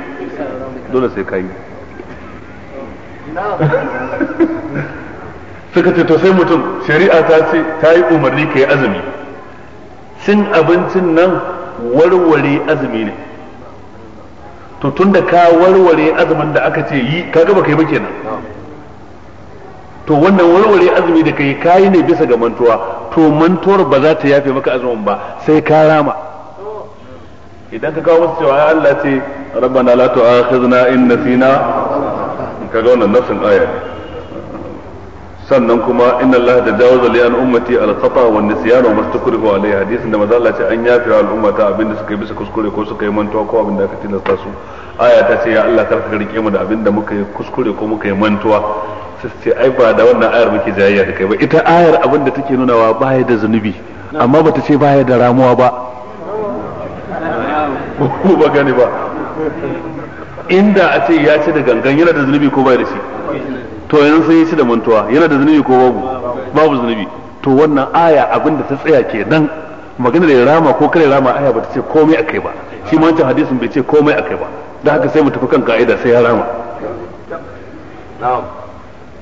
dole sai ka yi suka ce to sai mutum shari'a ta ce ta yi umarni ka yi azumi cin abincin nan warware azumi ne to tunda ka warware azumin da aka ce yi ka gaba yi ba kenan to wannan warware azumi da kai kayi ne bisa ga mantuwa to mantuwar ba za ta yafe maka azumin ba sai ka rama idan ka kawo musu cewa Allah ce rabbana la tu'akhizna in nasina kaga wannan nafsin aya sannan kuma inna Allah da jawaza li an ummati al khata wa nisyan wa mastakrihu alayhi hadisin da manzo Allah ce an yafe wa abin abinda suka yi bisa kuskure ko suka yi mantuwa ko abinda aka tilasta su aya ta ce ya Allah karka rike mu da abinda muka yi kuskure ko muka yi mantuwa sai ce ai ba da wannan ayar muke jayayya da kai ba ita ayar abinda take nunawa baya da zunubi amma bata ce baya da ramuwa ba Ko ba gani ba inda a ce ya ce da gangan yana da zunubi ko bai da shi to yanzu sai yi ci da mantuwa yana da zunubi ko babu babu zunubi to wannan aya abin da ta tsaya ke nan magana da rama ko kare rama aya ba ta ce komai kai ba shi ma wancan hadisin bai ce komai kai ba don haka sai mu tafi kan ka'ida sai ya rama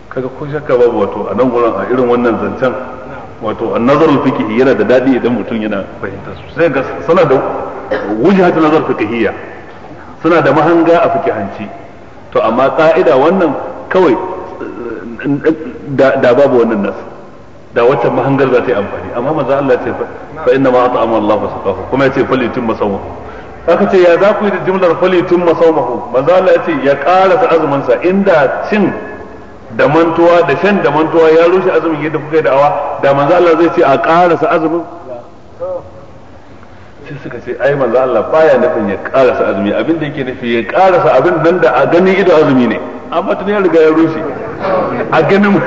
kaga ko shakka babu wato a nan gurin a irin wannan zancen wato annazarul fikihi yana da dadi idan mutum yana fahimta sosai ga suna da wujhatu nazar fiqhiyya suna da mahanga a fikihanci to amma ka'ida wannan kawai da babu wannan nasu da wata mahangar za ta yi amfani amma maza Allah ce fa inna ma ta'amu Allah fasaqahu kuma yace falitun masawmu aka ce ya za ku yi da jumlar falitun masawmahu maza Allah ya ce ya karasa azumin sa inda cin da mantuwa da shan da mantuwa ya rushe azumin yadda kuka yi da'awa da maza Allah zai ce a karasa azumin sai suka ce ai maza Allah baya nufin ya karasa azumi abin da yake nufi ya karasa abin nan da a ganin ido azumi ne amma tun ya riga ya rushe a ganin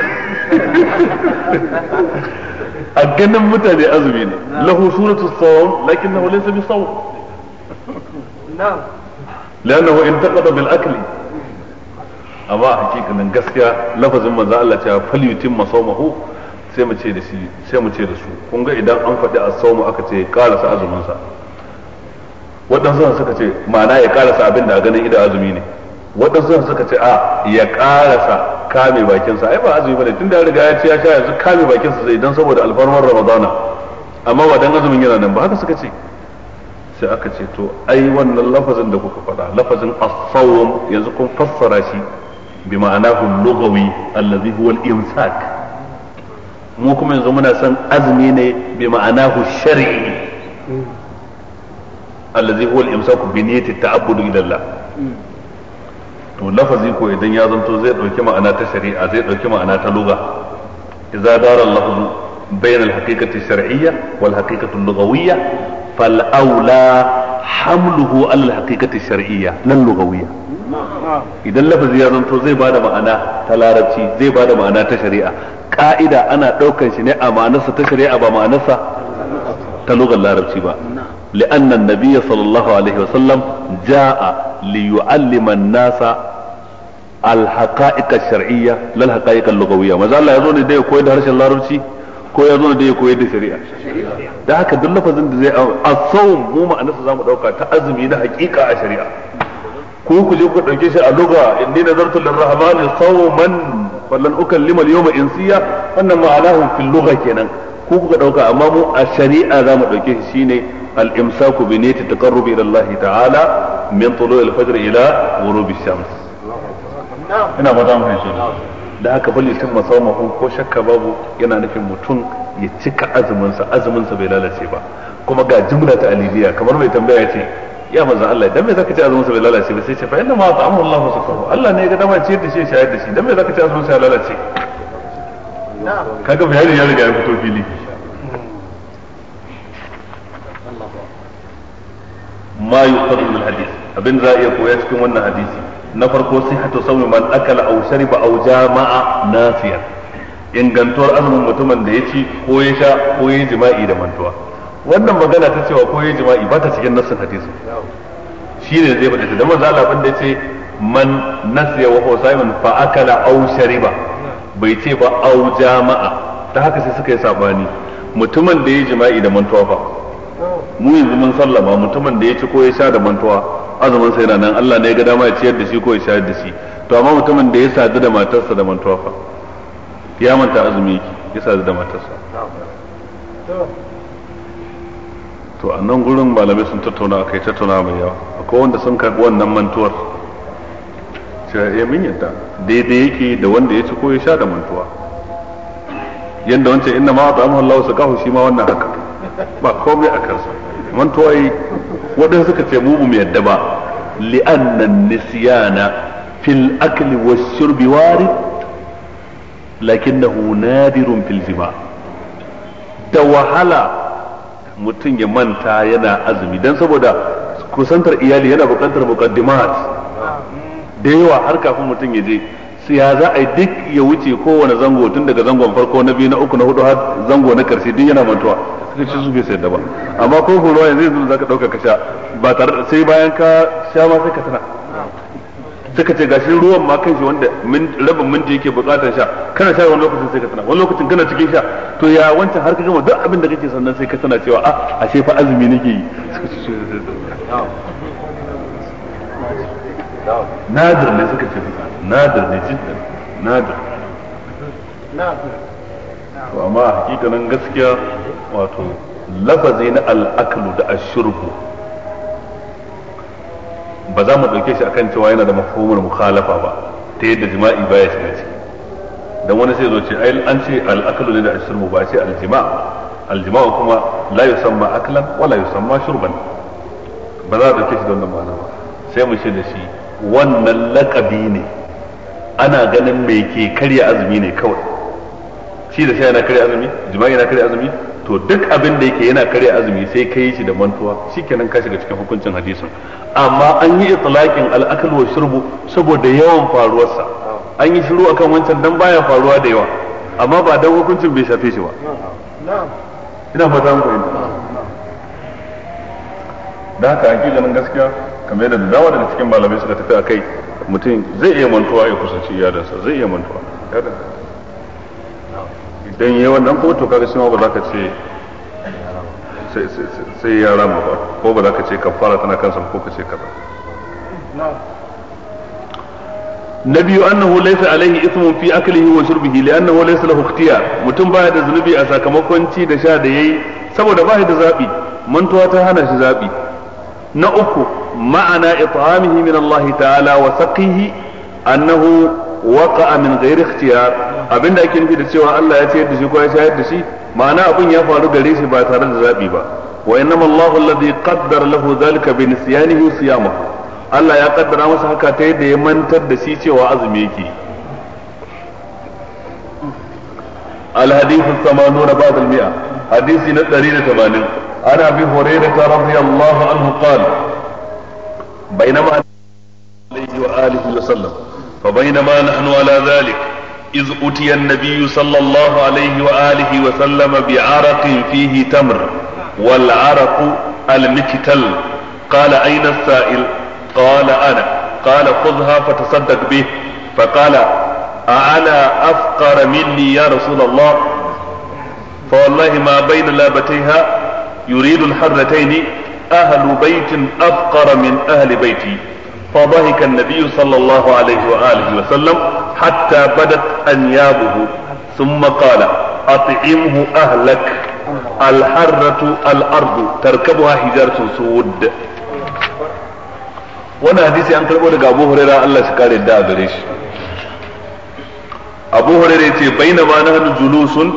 a ganin mutane azumi ne lahu suratu sawm lakinnahu laysa bi sawm na'am لأنه انتقد بالأكل amma a hakikanin gaskiya lafazin manzo Allah cewa falyutim masawmahu sai mu ce da shi sai mu ce da su kun ga idan an faɗi as-sawmu aka ce karasa azumin sa waɗansu suka ce ma'ana ya sa abin da a ganin idan azumi ne waɗansu suka ce a ya ƙarasa kame bakinsa ai ba azumi bane tunda ya riga ya ce ya sha yanzu kame bakinsa zai dan saboda alfarmar ramadana amma ba dan azumin yana nan ba haka suka ce sai aka ce to ai wannan lafazin da kuka faɗa lafazin as-sawm yanzu kun fassara shi bi ma'anahu lughawi allazi huwa al-imsak mu kuma yanzu muna son azumi ne bi ma'anahu shar'i hmm. allazi huwa al-imsak bi niyyati ta'abbud ila Allah hmm. to lafazi ko idan ya zanto zai dauki ma'ana ta shari'a zai dauki ma'ana ta lugha idza dara al-lafzu bayna al-haqiqati ash-shar'iyya wal haqiqati al-lughawiyya fal aula hamluhu ala al-haqiqati ash-shar'iyya lan lughawiyya idan lafazi ya zanto zai bada ma'ana ta larabci zai bada ma'ana ta shari'a ka'ida ana daukan shi ne a ma'anarsa ta shari'a ba ma'anarsa ta lugar larabci ba لأن النبي صلى الله عليه وسلم جاء ليعلم الناس الحقائق الشرعية لا الحقائق اللغوية ما زال يظن ده يكوي ده هرشن لاربشي ko ya zo da ya koyar da shari'a da haka duk lafazin da zai a tsawon mu ma'anar sa zamu dauka ta azumi na hakika a shari'a ko ku je ku dauke shi a luga inni nazartu lirrahmani sawman wallan ukallima al in siya wannan ma'anahu fil kenan ko kuka ɗauka amma mu a shari'a zamu ɗauke shi shine الامساك بنية التقرب الى الله تعالى من طلوع الفجر الى غروب الشمس ina ba za mu fahimci da haka bali sun masaumahu ko shakka babu yana nufin mutum ya cika azuminsa azuminsa bai lalace ba kuma ga jumla ta aliliya kamar mai tambaya ce ya manzan Allah dan me zaka ci azumin sa bai lalace ba sai ce fa inna ma ta'amu Allahu sakahu Allah ne ya ga dama ce da shi shayar da shi dan me zaka ci azumin sa ya lalace kaga bayani ya riga ya fito fili ma yuqadu min hadith abin za iya koya cikin wannan hadisi na farko hatta sawmi man akala aw shariba aw jama'a nafiya ingantuwar azumin mutumin da ya ci ko ya sha ko ya jima'i da mantuwa wannan magana ta cewa ko ya jima'i ba ta cikin nassin hadisi shi ne zai faɗi da manzo Allah banda yace man nasiya wa huwa saimun fa akala aw shariba bai ce ba aw jama'a ta haka sai suka yi sabani mutumin da ya jima'i da mantuwa fa mu yanzu mun sallama mutumin da ya ci ko ya sha da mantuwa azumin sai nan Allah ne ya ga dama ya ciyar da shi ko ya sha da shi to amma mutumin da ya sadu da matarsa da mantuwa fa ya manta azumi ya sadu da matarsa to a nan gurin malamai sun tattauna akai tattauna mai yawa akwai wanda sun karɓi wannan mantuwar cewa ya eh, min yadda daidai yake da wanda ya ci ko ya sha da mantuwa yadda wancan inda ma a ta'amahu lausa kahu shi ma wannan haka ba komai a kansa mantuwa yi waɗansu suka ce mu mu yadda ba li'annan nisyana fil akli wash-shurbi warid lakinnahu nadirun fil jima da wahala mutum ya manta yana azumi dan saboda kusantar iyali yana bukantar muqaddimat da yawa har kafin mutum ya je sai ya za a yi duk ya wuce kowane zango tun daga zangon farko na biyu na uku na hudu har zango na karshe duk yana mantuwa zai ci su bai sai da ba amma ko ruwa yanzu yanzu ka dauka ka sha ba tare sai bayan ka sha ma sai ka tana suka ce gashi ruwan ma kanshi wanda rabin minti yake bukatar sha kana sha wani lokacin sai ka tana wani lokacin kana cikin sha to ya wancan har ka gama duk abin da kake sannan sai ka tana cewa a ah, ashe fa azumi nake yi nadir ne suka ce nadir ne jiddan nadir to amma hakikanin gaskiya wato lafazi na al'aklu da ashurbu ba za mu ɗauke shi akan cewa yana da mafhumul mukhalafa ba ta yadda jima'i baya shiga ciki dan wani sai zo ce ai an ce al'aklu ne da ashurbu ba ce aljima' aljima' kuma la yusamma aklan wala yusamma shurban ba za a ɗauke shi da wannan ma'ana ba sai mu da shi wannan laƙabi ne ana ganin me ke karya azumi ne kawai shi da shi yana karya azumi jima'i yana karya azumi to duk abin da yake yana karya azumi sai ka yi shi da mantuwa shikenan ka shiga cikin hukuncin hadisin amma an yi itlaqin al-akl wa shurbu saboda yawan faruwarsa an yi shiru akan wancan dan baya faruwa da yawa amma ba dan hukuncin bai shafe shi ba ina fata muku yin da haka nan gaskiya kamar yadda dawa daga cikin malamai suka tafi akai mutum zai iya mantuwa ya kusanci iyadansa zai iya mantuwa idan yayi wannan kuma to kaga shi ma ba za ka ce sai ya rama ba ko ba za ka ce kafara tana kansa ko ka ce kaza na biyu annahu laysa alaihi ismun fi aklihi wa shurbihi li'annahu laysa lahu ikhtiyar mutum baya da zunubi a sakamakon ci da sha da yayi saboda baya da zabi mantuwa ta hana shi zabi na uku ma'ana it'amihi min Allah ta'ala wa saqihi annahu Waka Amin ghairi ikhtiyar abinda ake nufi da cewa Allah ya ciyar da shi ko ya shayar da shi ma'ana abin ya faru gare shi ba tare da zaɓi ba wa innama Allahu alladhi qaddara lahu dhalika bi nisyanihi siyamahu Allah ya kaddara masa haka ta yadda ya mantar da shi cewa azumi yake الحديث الثمانون بعد المئة حديث نترين ثمانين عن أبي هريرة رضي الله عنه قال بينما عليه وآله وسلم فبينما نحن على ذلك إذ أتي النبي صلى الله عليه وآله وسلم بعرق فيه تمر والعرق المكتل قال أين السائل قال أنا قال خذها فتصدق به فقال أعلى أفقر مني يا رسول الله فوالله ما بين لابتيها يريد الحرتين أهل بيت أفقر من أهل بيتي فضحك النبي صلى الله عليه وآله وسلم حتى بدت أنيابه ثم قال أطعمه أهلك الحرة الأرض تركبها حجارة سود wannan hadisi an karbo daga Abu Hurairah Allah shi kare da gare shi Abu Hurairah yace bainama nahnu julusun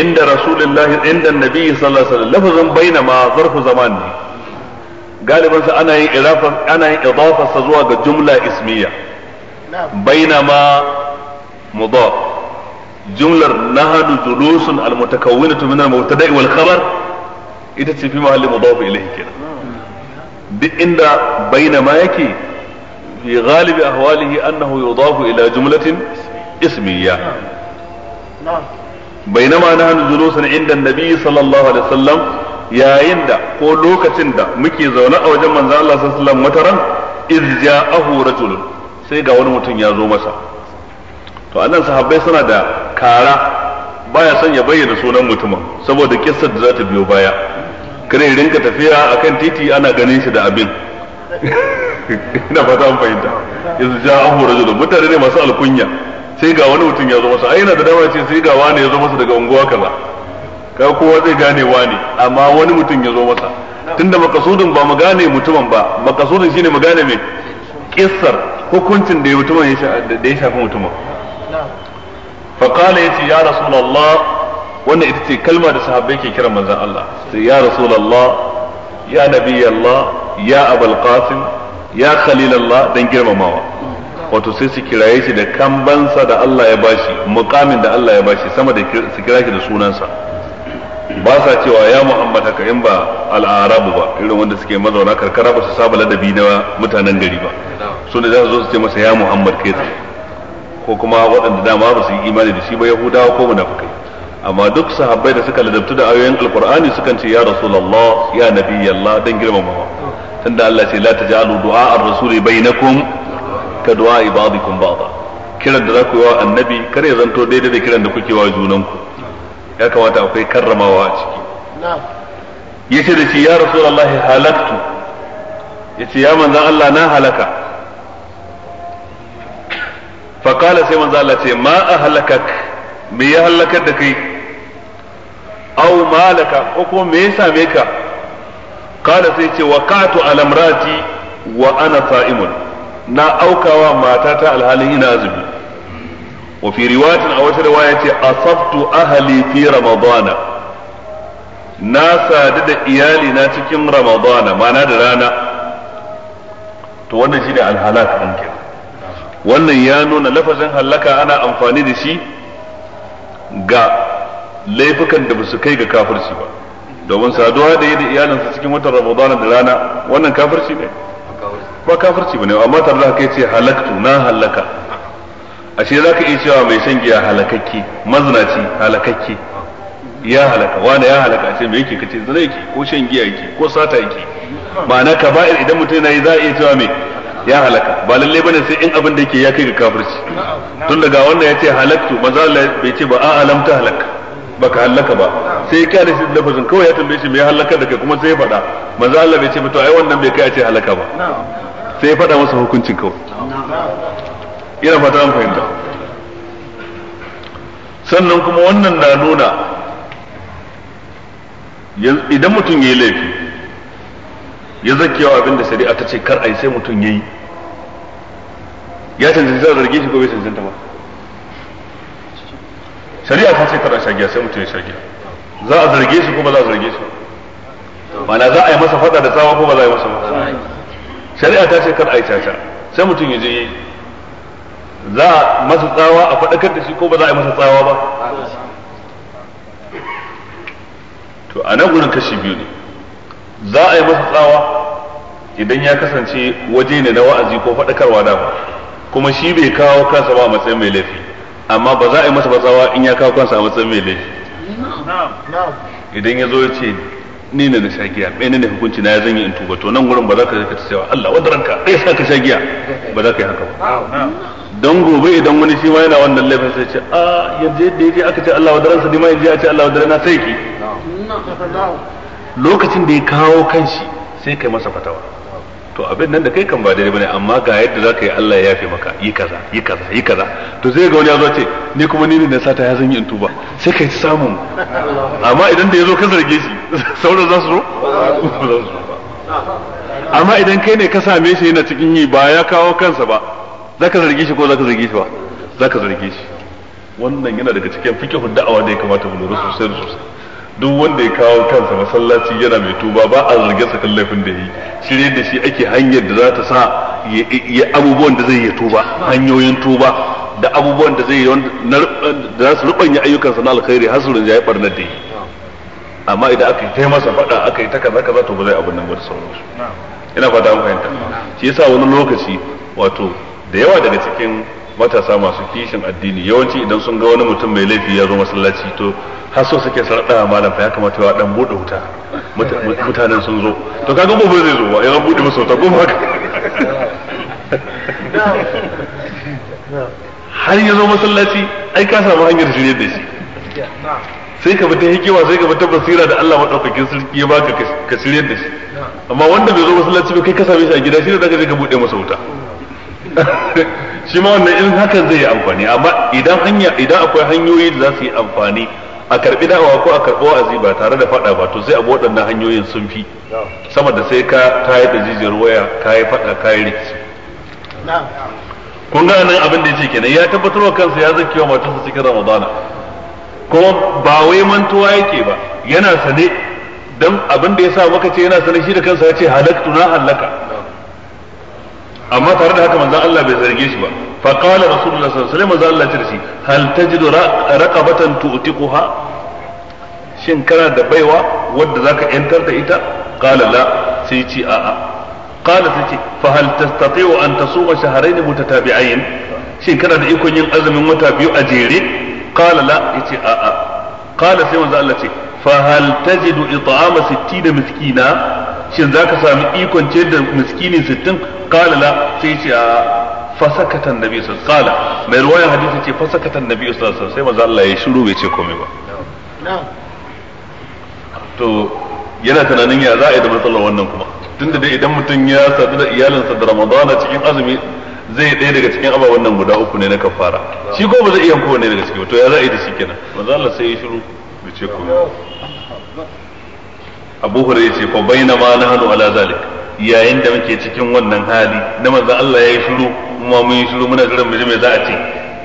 inda Rasulullah inda Nabi sallallahu alaihi wasallam lafazin bainama galiban sa ana yin irafan ana yin idafar zuwa ga jumla ismiya bainama mudaf jumlar nahadu julusun almutakawwinatu min almubtada'i wal khabar ita ce fi mahalli mudaf ilayhi kenan duk inda bainama yake fi ghalibi ahwalihi annahu yudafu ila jumlatin ismiya bainama nahnu julusun inda an sallallahu alaihi wasallam yayin da ko lokacin da muke zaune a wajen manzo Allah sallallahu alaihi wasallam iz ja'ahu rajul sai ga wani mutum ya zo masa to annan sahabbai suna da kara baya son ya bayyana sunan mutumin saboda kissar da za ta biyo baya kare rinka tafiya akan titi ana ganin shi da abin ina fata an fahimta iz ja'ahu rajul mutane ne masu alkunya sai ga wani mutum ya zo masa ai yana da dama ce sai ga wani ya zo masa daga unguwa kaza ka kowa zai gane wane amma wani mutum ya zo masa tunda makasudin ba mu gane mutumin ba makasudin shine mu gane mai kissar hukuncin da ya mutumin ya shafi mutumin fa qala ya rasulullah wannan ita ce kalma da sahabbai ke kiran manzon Allah sai ya rasulullah ya nabiyallah ya abul qasim ya khalilallah dan girmamawa wato sai su kiraye shi da kambansa da Allah ya bashi mukamin da Allah ya bashi sama da su kira shi da sunansa ba sa cewa ya muhammad haka in ba al'arabu ba irin wanda suke mazauna karkara ba su saba ladabi na mutanen gari ba su ne za su zo su ce masa ya muhammad kai tsaye ko kuma waɗanda dama ba su yi imani da shi ba yahudawa ko munafukai amma duk sahabbai da suka ladabtu da ayoyin alqur'ani sukan ce ya rasulullah ya nabiyallah dan girmamawa tunda Allah ce la taj'alu du'a ar-rasuli bainakum ka du'a ibadikum ba'da kiran da za ku yi wa annabi kar ya zanto daidai da kiran da kuke wa junanku ya kamata akwai karramawa a ciki Ya ce da shi ya rasulullahi halaktu yace ya manzon Allah na halaka fa qala sai manzon Allah ce ma a halakak? me ya halakar da kai aw malaka ko kuma me ya same ka qala sai ce waqatu alamrati wa ana sa'imun na aukawa matata alhalin ina azumi wa fi riwayatin a wata riwaya ce asabtu ahli fi ramadana na sadu da iyali na cikin ramadana mana da rana to wannan wannan ya nuna lafazin halaka ana amfani da shi ga laifukan da ba su kai ga kafirci ba domin saduwa da yi da iyalinsa cikin watan ramadana da rana wannan kafirci ne ba kafirci ba ne amma tare da haka ce halaktu na halaka ashe za ka iya cewa mai shan giya halakakke mazinaci halakakke ya halaka wanda ya halaka ce me yake kace zina yake ko shan giya yake ko sata yake ma'ana ba'ir idan mutum yana yi za a iya cewa me ya halaka ba lalle bane sai in abin da yake ya kai ga kafirci tun daga wannan ya ce halaktu maza Allah bai ce ba a alam ta halaka baka halaka ba sai ya kyale shi lafazin kawai ya tambaye shi mai ya halaka da kai kuma sai ya faɗa maza Allah bai ce ba to ai wannan bai kai a ce halaka ba sai ya faɗa masa hukuncin kawai ina fata an fahimta sannan kuma wannan na nuna idan mutum ya yi laifi ya zakewa abin da shari'a ta ce kar a yi sai mutum ya yi ya cancanta zai zargi shi ko bai cancanta ba shari'a ta ce kar a shagiya sai mutum ya shagiya za a zarge shi ko ba za a zarge shi mana za a yi masa fada da tsawa ko ba za a yi masa ba shari'a ta ce kar a yi caca sai mutum ya je yi za a masa tsawa a faɗakar da shi ko ba za a yi masa tsawa ba to a nan gurin kashi biyu ne za a yi masa tsawa idan ya kasance waje ne na wa'azi ko faɗakarwa da ba kuma shi bai kawo kansa ba a matsayin mai laifi amma ba za a yi masa tsawa in ya kawo kansa a matsayin mai laifi idan ya zo ya ce ni ne na sha giya mene ne hukunci na ya zanyi in tuba to nan gurin ba za ka je ka ce Allah wanda ranka ɗaya sa ka sha giya ba za ka yi haka ba don gobe idan wani shi ma yana wannan laifin sai ce a ah, yanzu yadda yake aka ce Allah wadaran sa dima yanzu ya ce Allah wadaran na sai ki lokacin da ya kawo kanshi sai kai masa fatawa to abin nan da kai kan ba daidai bane amma ga yadda za ka yi Allah ya yafe maka yi kaza yi kaza yi kaza to zai ga wani ya zo ce ni kuma ni ne na sata ya zan yi in tuba sai kai ta samu amma idan da ya zo ka zarge shi sauran za su zo amma idan kai ne ka same shi yana cikin yi ba ya kawo kansa ba zaka zargi shi ko zaka zargi shi ba zaka zargi shi wannan yana daga cikin fiqhud da'awa da ya kamata mu lura sosai da sosai duk wanda ya kawo kansa masallaci yana mai tuba ba a zargin sa kan laifin da yi shirye da shi ake hanyar da za ta sa ya abubuwan da zai yi tuba hanyoyin tuba da abubuwan da zai yi da za su rubanya ayyukansa na alkhairi har su rinjaye barna da yi amma idan aka yi ta masa faɗa aka yi ta kaza kaza to ba zai abin nan ba da sauransu ina fata an fahimta shi yasa wani lokaci wato da yawa daga cikin matasa masu kishin addini yawanci idan sun ga wani mutum mai laifi ya zo masallaci to har so suke sarɗa malam ya kamata ya dan buɗe wuta mutanen sun zo to kaga gobe zai zo ya buɗe musu wuta gobe haka har ya zo masallaci ai ka samu hanyar shirye da shi sai ka bi hikima sai ka bi ta basira da Allah madaukakin sarki ya baka ka shirye da shi amma wanda bai zo masallaci ba kai ka same shi a gida shi ne zaka je ka buɗe masa wuta shi ma wannan in hakan zai yi amfani amma idan hanya idan akwai hanyoyi da za su yi amfani a karbi dawa ko a karbi azi ba tare da fada ba to sai abu waɗannan hanyoyin sun fi sama da sai ka yi da jijiyar waya ka yi fada ka yi rikici kun ga nan abin da yake kenan ya tabbatar wa kansa ya zaki wa matarsa cikin ramadana kuma ba wai mantuwa yake ba yana sane dan abin da ya sa maka ce yana sane shi da kansa ya ce halaktu na halaka amma tare da haka manzon Allah bai zarge shi ba fa qala rasulullah sallallahu alaihi wasallam Allah ce hal tajidu raqabatan tu'tiquha shin kana da baiwa wadda zaka yantar da ita qala la sai ce a a qala sai ce fa hal tastati'u an tasuma shahrayn mutatabi'ain shin kana da ikon yin azumin wata biyu a jere qala la yace a a qala sai manzon Allah ce fa hal tajidu it'ama 60 miskina shin ka sami ikon ce da miskini sittin kala la sai ce a fasakatan annabi sallallahu kala mai ruwayan hadisi ce fasakatan annabi biyu alaihi sai maza Allah ya shiru bai ce komai ba to yana tunanin ya za a yi da matsalar wannan kuma da dai idan mutum ya sadu da iyalinsa da ramadana cikin azumi zai ɗaya daga cikin ababen nan guda uku ne na kafara shi ko ba zai iya kowane daga ciki ba to ya za a yi da shi kenan maza Allah sai ya shiru bai ce komai abu hurairah ce fa na nahnu ala zalik yayin da muke cikin wannan hali na manzo Allah yayi shiru kuma mun yi shiru muna jiran muje mai za a ce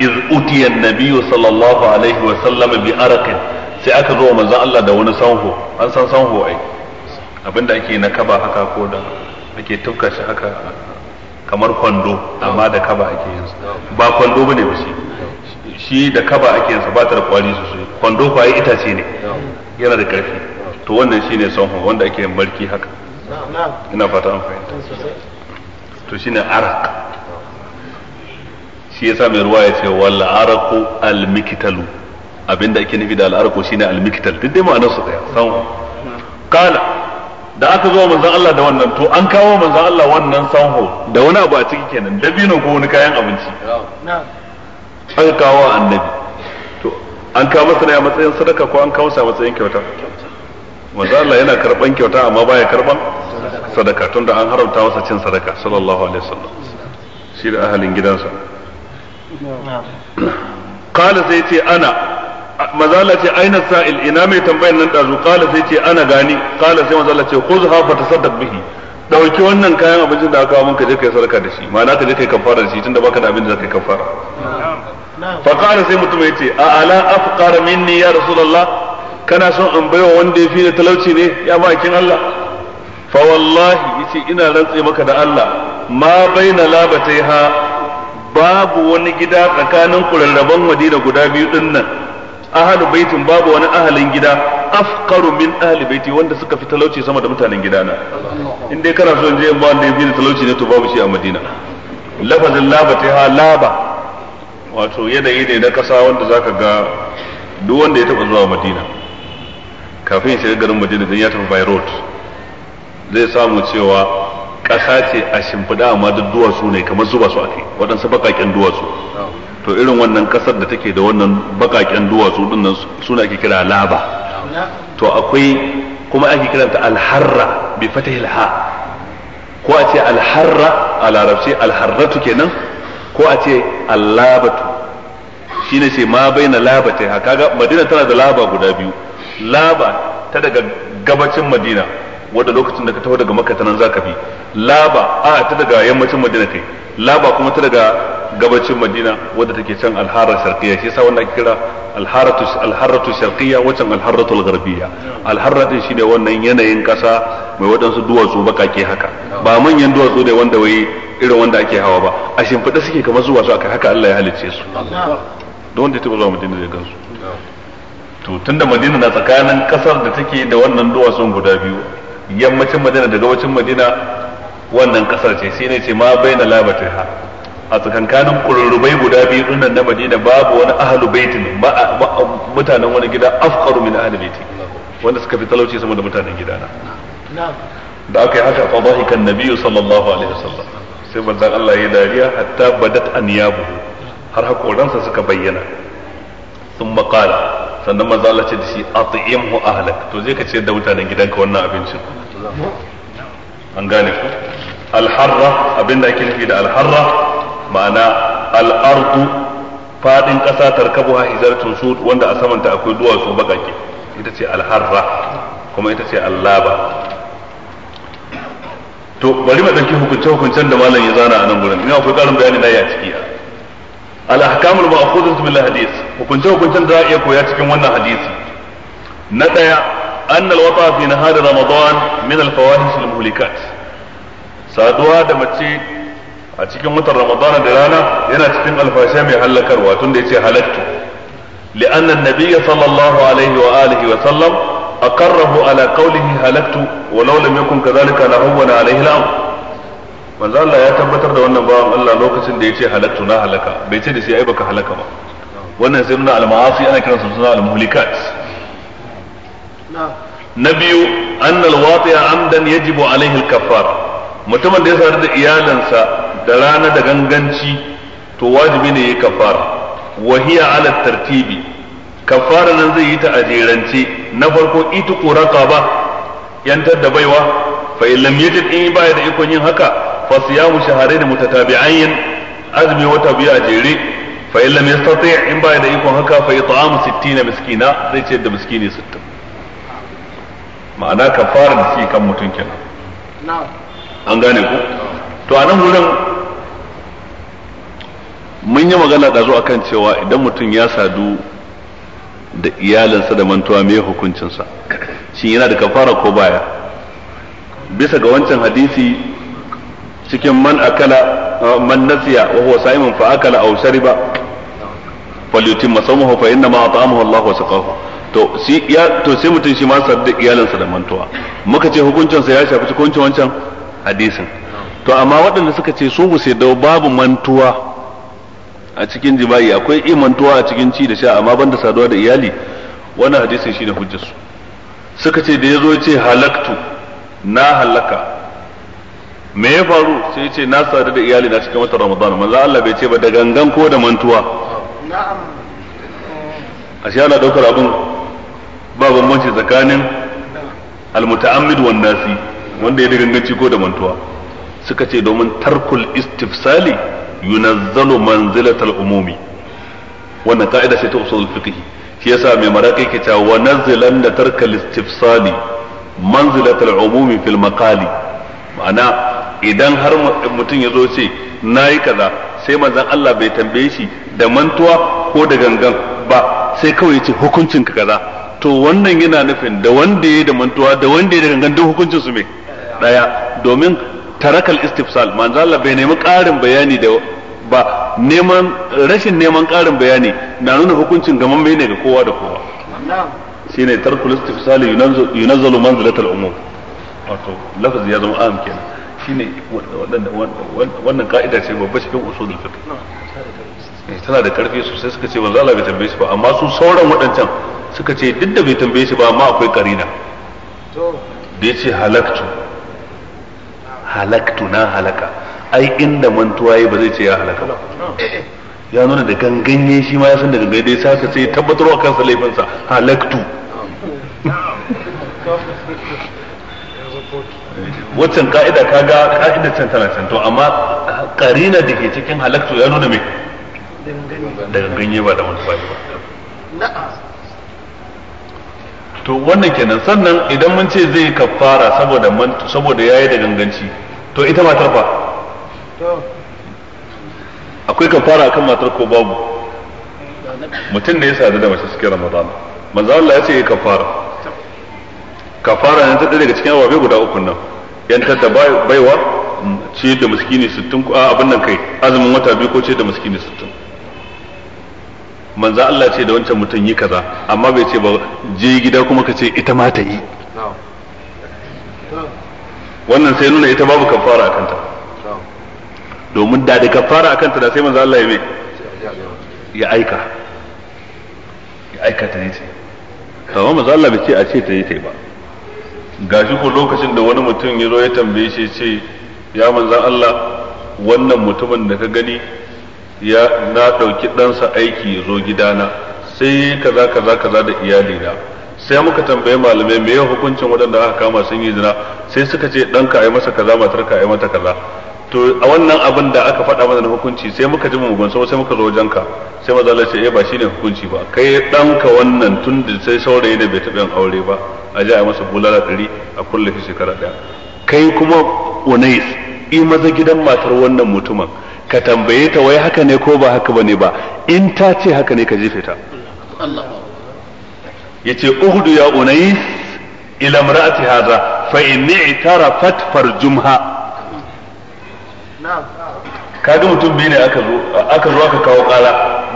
iz utiya nabiyyu sallallahu alaihi wa sallam bi araqin sai aka zo manzo Allah da wani sanho an san sanho ai abinda ake na kaba haka ko da ake tufka shi haka kamar kwando amma da kaba ake yin ba kwando bane ba shi shi da kaba ake yin sa ba ta da kwari sosai kwando kwaye itace ne yana da karfi to wannan shine sonho wanda ake marki haka ina fata an fahimta to shine arak shi yasa mai ruwa ya ce wal araku al miktalu abinda ake nufi da al araku shine al miktal duk dai ma'anar su daya sanho kala da aka zo manzon Allah da wannan to an kawo manzon Allah wannan sanho da wani abu a ciki kenan dabino ko wani kayan abinci An kawo annabi to an kawo masa ne a matsayin sadaka ko an kawo sa matsayin kyauta manzo Allah yana karban kyauta amma baya karban sadaka tunda an haramta masa cin sadaka sallallahu alaihi wasallam shi da ahalin gidansa qala sai ce ana Mazala ce aina sa'il ina mai tambayar nan dazu qala sai ce ana gani qala sai manzo Allah ce khuzha fa tasaddaq bihi dauki wannan kayan abincin da aka kawo ka je kai sadaka da shi ma'ana ka je kai kafara da shi tunda baka da abin da zaka kafara fa qala sai mutum yace a ala afqar minni ya rasulullah kana son an baiwa wanda ya fi da talauci ne ya kin Allah fa wallahi yace ina rantse maka da Allah ma baina labataiha babu wani gida tsakanin kurarraban Madina guda biyu din nan ahalu baitin babu wani ahalin gida afqaru min ahli baiti wanda suka fi talauci sama da mutanen gidana in dai kana son je ba wanda ya fi da talauci ne to babu shi a Madina lafazin labataiha laba wato yanayi ne na kasa wanda zaka ga duk wanda ya taba zuwa Madina kafin ya shiga garin madina don ya tafi by road zai samu cewa ƙasa ce a shimfida amma duk duwatsu ne kamar zuba su ake waɗansu baƙaƙen duwatsu to irin wannan ƙasar da take da wannan baƙaƙen duwatsu ɗin nan suna ake kira laba to akwai kuma ake kiranta alharra bi fatahil ha ko a ce alharra a larabci alharratu kenan ko a ce allabatu shine ce ma baina labata ha kaga madina tana da laba guda biyu laba ta daga gabacin madina wadda lokacin da ka taho daga makka nan zaka bi laba a ta daga yammacin madina kai laba kuma ta daga gabacin madina wadda take can alhara sharqiyya shi yasa wannan kira alharatu alharatu sharqiyya wacan alharatu algharbiyya alharra din shine wannan yanayin kasa mai wadansu duwatsu bakake haka ba manyan duwatsu da wanda wai irin wanda ake hawa ba a shimfiɗa suke kamar zuwa su aka haka Allah ya halicce su don wanda ya taɓa zuwa madina zai gansu to tunda madina na tsakanin kasar da take da wannan duwatsun guda biyu yammacin madina da gabacin madina wannan kasar ce sai ne ce ma baina labatiha a tsakankanin kururubai guda biyu nan na madina babu wani ahlu baitin mutanen wani gida afqaru min ahli baiti wanda suka fi talauci sama da mutanen gidana da aka yi haka na nabiyyu sallallahu alaihi wasallam sai manzon Allah ya dariya hatta badat anyabu har hakoransa suka bayyana sun makala sannan maza Allah ce da shi at'imhu halak. to zai ka ce da mutanen gidanka wannan abincin an gane ku alharra abinda ake nufi da alharra ma'ana al'ardu fadin kasa tarkabuha tun su wanda a samanta akwai duwatsu bakake ita ce alharra kuma ita ce allaba to bari ma ɗauki hukunce hukuncen da malam ya zana a nan gurin ina akwai karin bayani na ya ciki a? الاحكام الماخوذه من hukuncin da za a iya koya cikin wannan hadisi na ɗaya, an al wata fi nahar ramadan min al fawahish al muhlikat saduwa da mace a cikin mutar ramadan da rana yana cikin al fasha mai halakarwa tun da yace halattu li anna nabiy sallallahu alaihi wa alihi wa sallam aqarrahu ala qawlihi halaktu wa law lam yakun kadhalika la hawana alaihi manzo Allah ya tabbatar da wannan bawan Allah lokacin da ya halaktu na halaka bai ce da shi ai baka halaka ba wannan sai nuna al-ma'asi ana kiransu suna al-muhlikat na biyu anna al ya amdan yajibu alaihi al-kaffar mutumin da ya sadar da iyalansa da rana da ganganci to wajibi ne yayi kafar wa hiya ala tartibi kafara nan zai yi ta ajerance na farko ituku raqaba yantar da baiwa fa in yajid in baya da ikon yin haka fa siyamu shahrayn mutatabi'ain azmi wata biyu a jere fa illam yastati in ba da ikon haka fa it'amu 60 miskina zai ce da miskini 60 ma'ana ka fara da shi kan mutum kenan an gane ku to a nan wurin mun yi magana da zo akan cewa idan mutum ya sadu da iyalinsa da mantuwa me hukuncinsa shin yana da kafara ko baya bisa ga wancan hadisi cikin man akala uh, man nasiya wa huwa sa'imun fa akala aw shariba falyutimma masamuhu fa inna ma at'amahu Allah wa saqahu to si ya to sai mutum shi ma sadda iyalansa da mantuwa muka ce hukuncin sa ya shafi hukuncin wancan hadisin to amma waɗanda suka ce su buse da babu mantuwa a cikin jima'i akwai imantuwa a cikin ci da sha amma banda saduwa da iyali wannan hadisin shine hujjarsu suka ce da yazo ya ce halaktu na halaka me ya faru sai ce na sadu da iyali na cikin watan ramadan manzo Allah bai ce ba da gangan ko da mantuwa na'am ashe ana daukar abin ba bambanci tsakanin almuta'ammid wan nasi wanda ya da ganganci ko da mantuwa suka ce domin tarkul istifsali yunazzalu manzilatal umumi wannan ka'ida ce ta usul fiqh shi yasa mai maraki ke cewa wa nazzalan da tarkal istifsali manzilatal umumi fil maqali ma'ana idan har mutum ya zo ce na yi kaza sai manzan Allah bai tambaye shi da mantuwa ko da gangan ba sai kawai ya ce hukuncin ka kaza to wannan yana nufin da wanda ya da mantuwa da wanda ya da gangan duk hukuncin su me daya domin tarakal istifsal manzan Allah bai nemi ƙarin bayani da ba neman rashin neman ƙarin bayani na nuna hukuncin gaman mamaye ne ga kowa da kowa shine tarkul istifsal yunazzalu manzilatal umum wato lafazi ya zama am kenan shine wannan ka'ida ce babba cikin usulul fiqh eh, tana da karfi sosai suka ce manzo Allah bai tambaye shi ba amma su sauran waɗancan suka ce duk da bai tambaye shi ba amma akwai karina da ya ce halaktu halaktu na halaka ai inda mantuwa yi ba zai ce ya halaka ba eh. ya nuna da ganganye shi ma ya san da ganganye dai saka ce tabbatarwa kansa laifinsa halaktu waccan ka'ida ka ga ka'idar can tana can to amma karina da ke cikin halaktu ya nuna mai da ganye ba da manufa ba to wannan kenan sannan idan mun ce zai kafara saboda saboda yayi da ganganci to ita matar fa akwai kafara akan matar ko babu mutum ne ya sadu da mace suke ramadan manzo Allah ya ce kafara kafara ne ta daga cikin ababe guda uku nan yantar da baiwa ce da miskini sittin a abin nan kai azumin wata biyu ko ce da miskini sittin manzo Allah ce da wancan mutum yi kaza amma bai ce ba je gida kuma ka ce ita ma ta yi wannan sai nuna ita babu kafara a kanta domin da da kafara a kanta da sai manzo Allah ya mai ya aika ya aika ta ne ce kawai manzo Allah bai ce a ce ta yi ta yi ba gashi ko lokacin da wani mutum ya zo ya tambaye shi ce ya manzan Allah wannan mutumin da ka gani ya na ɗauki ɗansa aiki ya zo gidana sai kaza kaza kaza da iyali na sai muka tambaye malamai me ya hukuncin waɗanda aka kama sun yi zina sai suka ce ɗanka a yi masa kaza matarka a yi mata kaza to a wannan abin da aka faɗa mana na hukunci sai muka ji mu gonsa sai muka zo wajenka sai maza Allah ce eh ba shine hukunci ba kai ɗanka wannan tun da sai saurayi ne bai taɓa yin aure ba a ji a masa bulala ɗari a kulle fi shekara ɗaya kai kuma unais in maza gidan matar wannan mutumin ka tambaye ta wai haka ne ko ba haka bane ba in ta ce haka ne ka jefe ta yace uhdu ya unais ila mar'ati hadha fa inni i'tarafat farjumha kaga mutum biyu ne aka zo aka zo aka kawo kala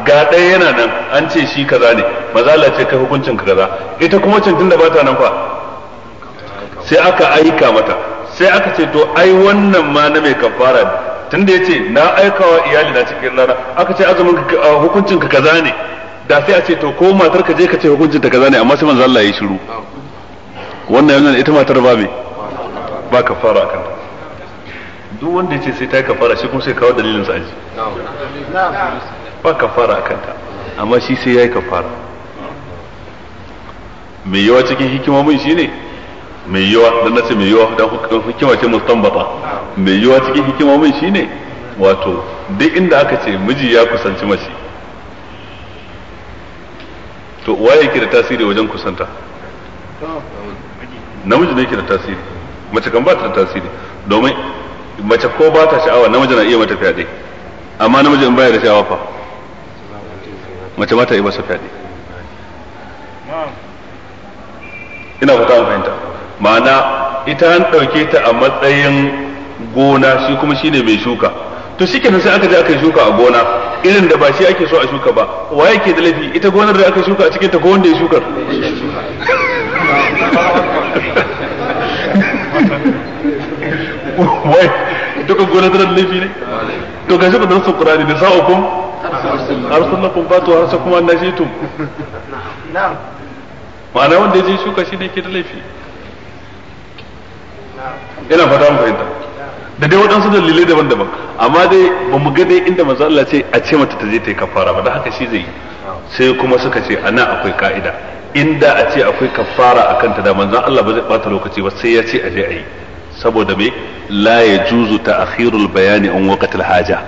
ga ɗaya yana nan an ce shi kaza ne mazala ce kai hukuncin ka kaza ita kuma cin da ta nan fa sai aka aika mata sai aka ce to ai wannan ma na mai kafara ne tunda yace na aikawa iyali na cikin rana aka ce azumin hukuncin ka kaza ne da sai a ce to ko matar ka je ka ce hukuncin ta kaza ne amma sai manzo Allah ya yi shiru wannan yana ita matar ba me ba kafara kanta duk wanda yace sai ta kafara shi kuma sai kawo dalilin sa aji ba kafara ta amma shi sai yayi kafara mai yawa cikin hikimomin shine mai yawa dan nace mai yawa dan hikima ce mustanbata mai yawa cikin hikimomin shine wato duk inda aka ce miji ya kusanci mace to waye yake da tasiri wajen kusanta namiji ne yake da tasiri mace kan ba ta da tasiri domin mace ko ba ta sha'awa namiji na iya mata fyaɗe amma namiji in baya da sha'awa fa mace ma ta yi masa fyaɗe ina fata an fahimta ma'ana ita an ɗauke ta a matsayin gona shi kuma shine mai shuka to shi kenan sai aka je aka yi shuka a gona irin da ba shi ake so a shuka ba wa yake da laifi ita gonar da aka shuka a cikin ta ko wanda ya shukar wai dukan gona da laifi ne to gashi ba darsu qur'ani da sa'ukum arsalakum fatu harsakum an nashitum na'am ma'ana wanda ya je shuka shi ne ke da laifi ina fata mu fahimta da dai waɗansu dalilai daban-daban amma dai ba mu ga dai inda manzo Allah ce a ce mata ta je ta yi kafara ba da haka shi zai yi sai kuma suka ce ana akwai ka'ida inda a ce akwai kafara akan ta da manzon Allah ba zai bata lokaci ba sai ya ce a je a yi saboda me la yajuzu ta'khirul bayani an waqtil haja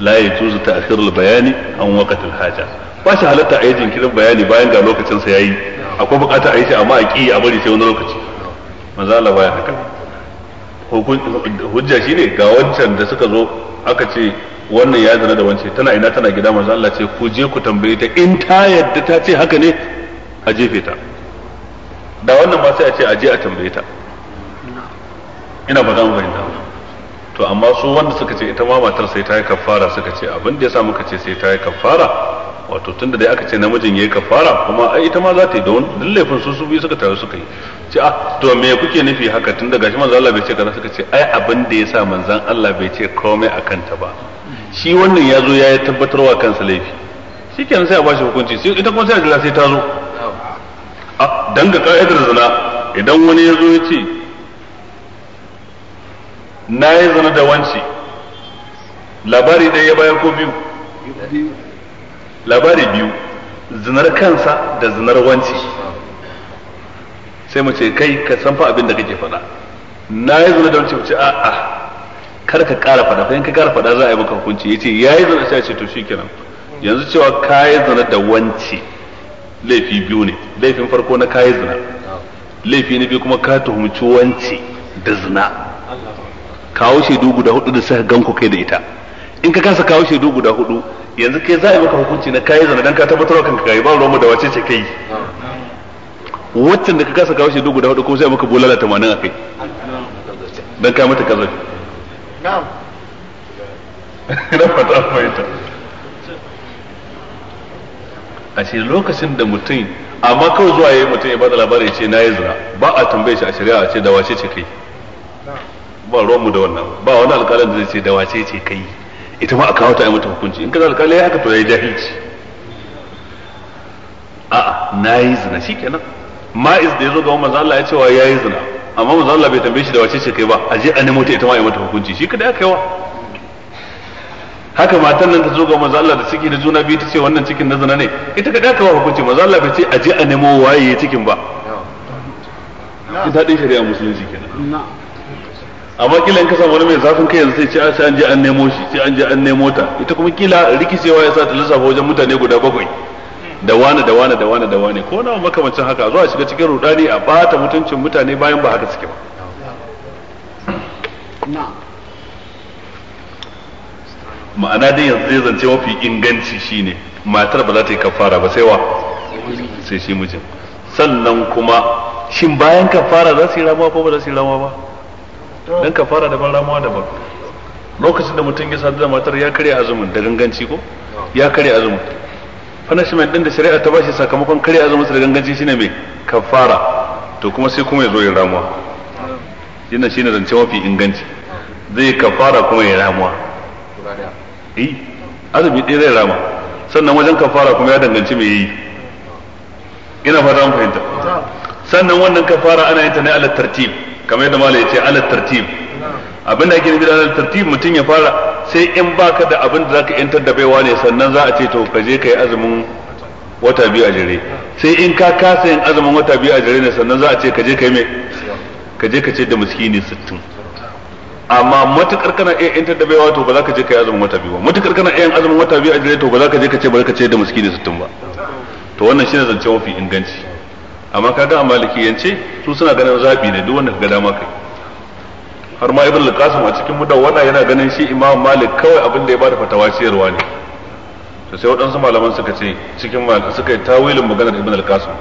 la ya yajuzu ta'khirul bayani an waqtil haja ba shi halatta a yi jinkirin bayani bayan ga lokacin sa yayi akwai bukata a yi shi amma a ki a bari sai wani lokaci manzo Allah baya haka hujja shine ga wancan da suka zo aka ce wannan ya zana da wancan tana ina tana gida manzo Allah ce ku je ku tambaye ta in ta yadda ta ce haka ne a jefe ta da wannan ba sai a ce a je a tambaye ta ina ba za mu ba to amma su wanda suka ce ita ma matar sai ta yi kafara suka ce abin da ya sa muka ce sai ta yi kafara wato tunda dai aka ce namijin ya yi kafara kuma ai ita ma za ta yi da wani duk laifin su su biyu suka taru suka yi ce ah to me kuke nufi haka tun daga shi manzon Allah bai ce kaza suka ce ai abin da ya sa manzon Allah bai ce komai akan ta ba shi wannan ya zo ya yi tabbatarwa kansa laifi shikenan sai a bashi hukunci sai ita kuma sai a jira sai ta zo a ah, danga ka'idar zina idan wani ya zo ya ce na yi zana da wanci labari ɗaya ya bayar ko biyu labari biyu zinar kansa da zinar wanci sai mu ce kai ka san fa abin da kake faɗa na yi zana da wanci mu a a'a kar ka ƙara faɗa fa ka ƙara faɗa za a yi maka hukunci ya ce ya yi zana sai ce to shi kenan yanzu cewa ka yi zina da wanci laifi biyu ne laifin farko na ka yi zina laifi na biyu kuma ka tuhumci wanci da zina kawo shaidu guda hudu da suka ganku kai da ita in ka kasa kawo shaidu guda hudu yanzu kai za a yi maka hukunci na kayi zana dan ka tabbatar kanka kai ba ruwan da wace ce kai waccan da ka kasa kawo shaidu guda hudu ko sai maka bulala 80 a kai dan ka mata kazo na'am na fata fahimta a ce lokacin da mutum amma kawai zuwa ya yi mutum ya bada labarin ya ce na yi zina ba a tambaye shi a shari'a a ce da wace ce kai ba ruwanmu da wannan ba wani alƙalin da zai ce da wace ce kai ita ma a kawo ta yi mata hukunci in ka alƙalin ya haka to ya yi jahilci a'a na yi zina shi kenan ma'iz da ya zo ga manzo Allah ya wa ya yi zina amma manzo Allah bai tambaye shi da wace ce kai ba a je a nemo ta ita ma a yi mata hukunci shi kada ya kai wa haka matan nan ta zo ga manzo Allah da ciki da juna biyu ta ce wannan cikin na zina ne ita kada kai wa hukunci manzo Allah bai ce a je a nemo waye cikin ba ita dai shari'a musulunci kenan amma kila in ka samu wani mai zafin kai yanzu sai ce ah, sai an je an nemo shi sai an je an nemo ta ita kuma kila rikicewa ya sa ta lissafa wajen mutane guda bakwai da wane da wane da wane da wane ko na makamancin haka zuwa shiga cikin rudani a bata mutuncin mutane bayan ba haka suke ba ma'ana dai yanzu zai zance mafi inganci shine matar ba za ta yi kafara ba sai wa sai shi mijin sannan kuma shin bayan kafara za su yi rama ko ba za su yi rama ba dan fara daban ramuwa daban lokacin da mutum ya sadu da matar ya karya azumin da ganganci ko ya karya azumin punishment din da shari'a ta bashi sakamakon karya azumin da ganganci shine mai kafara to kuma sai kuma ya zo ya ramuwa yana shine zance mafi inganci zai kafara kuma ya ramuwa eh azumi dai zai rama sannan wajen kafara kuma ya danganci mai yi ina fata an fahimta sannan wannan kafara ana yin ta ne ala tartib kamar yadda malai ce alal tartib abin da ake nufi da ala tartib mutum ya fara sai in baka da abin da zaka yantar da baiwa ne sannan za a ce to ka je kai azumin wata biyu a jere sai in ka kasa yin azumin wata biyu a jere ne sannan za a ce ka je kai me ka je ka ce da miskini 60 amma matukar kana iya yantar da baiwa to ba za ka je kai azumin wata biyu ba matukar kana iya azumin wata biyu a jere to ba za ka je ka ce za ka ce da miskini 60 ba to wannan shine zance mafi inganci amma ga a yance su suna ganin zabi ne duk wanda ga dama kai har ma ibn al-qasim a cikin mudawwana yana ganin shi imam malik kawai abin da ya bada fatawa ciyarwa ne to sai waɗansu malaman suka ce cikin suka yi tawilin maganar ibn al-qasim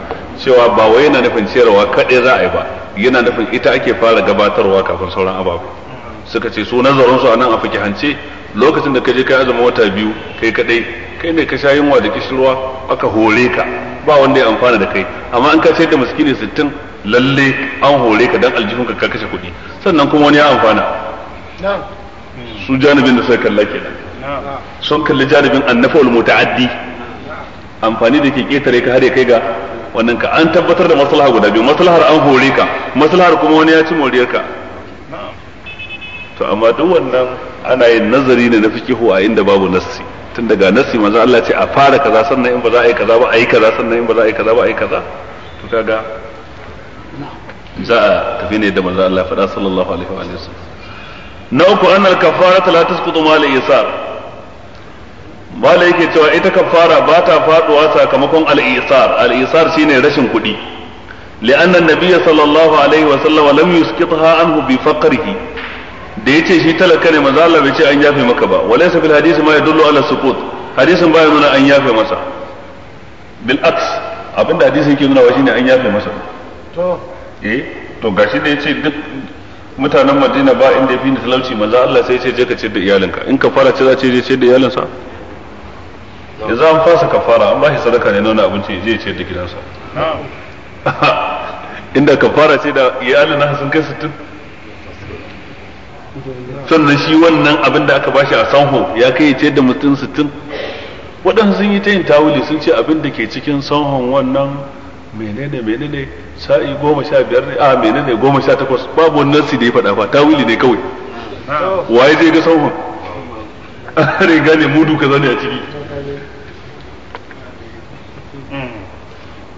cewa ba wai yana nufin ciyarwa kadai za a yi ba yana nufin ita ake fara gabatarwa kafin sauran ababe suka ce su nazarin su anan a fiki hance lokacin da ka je ka azumin wata biyu kai kadai. kai ne ka sha yunwa da kishirwa aka hore ka ba wanda ya amfana da kai amma an ka sai da miskini sittin lalle an hore ka dan aljihun ka kashe kuɗi sannan kuma wani ya amfana su janibin da suka kalla kenan sun kalli janibin annafa'ul muta'addi amfani da ke ketare ka har ya kai ga wannan ka an tabbatar da maslaha guda biyu maslahar an hore ka maslahar kuma wani ya ci moriyar ka to amma duk wannan ana yin nazari ne na fikihu a inda babu nassi tun daga nasi manzo Allah ce a fara kaza sannan in ba za a yi kaza ba a yi kaza sannan in ba za a yi kaza ba a yi kaza to kaga za a tafi ne da manzo Allah faɗa sallallahu alaihi wa sallam na uku annal kafarata la tasqutu mal isar malai yake cewa ita kafara ba ta faduwa sakamakon al isar al isar shine rashin kuɗi li'anna nabiyya sallallahu alaihi wa sallam lam yusqitha anhu bi faqrihi da ya ce shi talaka ne manzo Allah bai ce an yafe maka ba walaysa bil hadisi ma yadullu ala suqut hadisin baya nuna an yafe masa bil aks abinda hadisin ke nuna wa shine an yafe masa to eh to gashi da ce duk mutanen Madina ba inda yafi talauci manzo Allah sai ce je ka ce da iyalinka in ka fara ce za ce je ce da iyalinsa ya za an fasa kafara an bashi sadaka ne nuna abinci zai ce da gidansa inda kafara ce da iyalin na sun kai sittin sannan shi wannan abin da aka bashi a sanho ya kai ce da mutum sittin waɗansu sun yi ta yin tawuli sun ce abin da ke cikin sanhon wannan menene menene sa'i goma sha biyar ne a menene goma sha takwas babu wani nasi da ya faɗa ba tawuli ne kawai waye zai ga sanhon riga ne mudu ka ne a ciki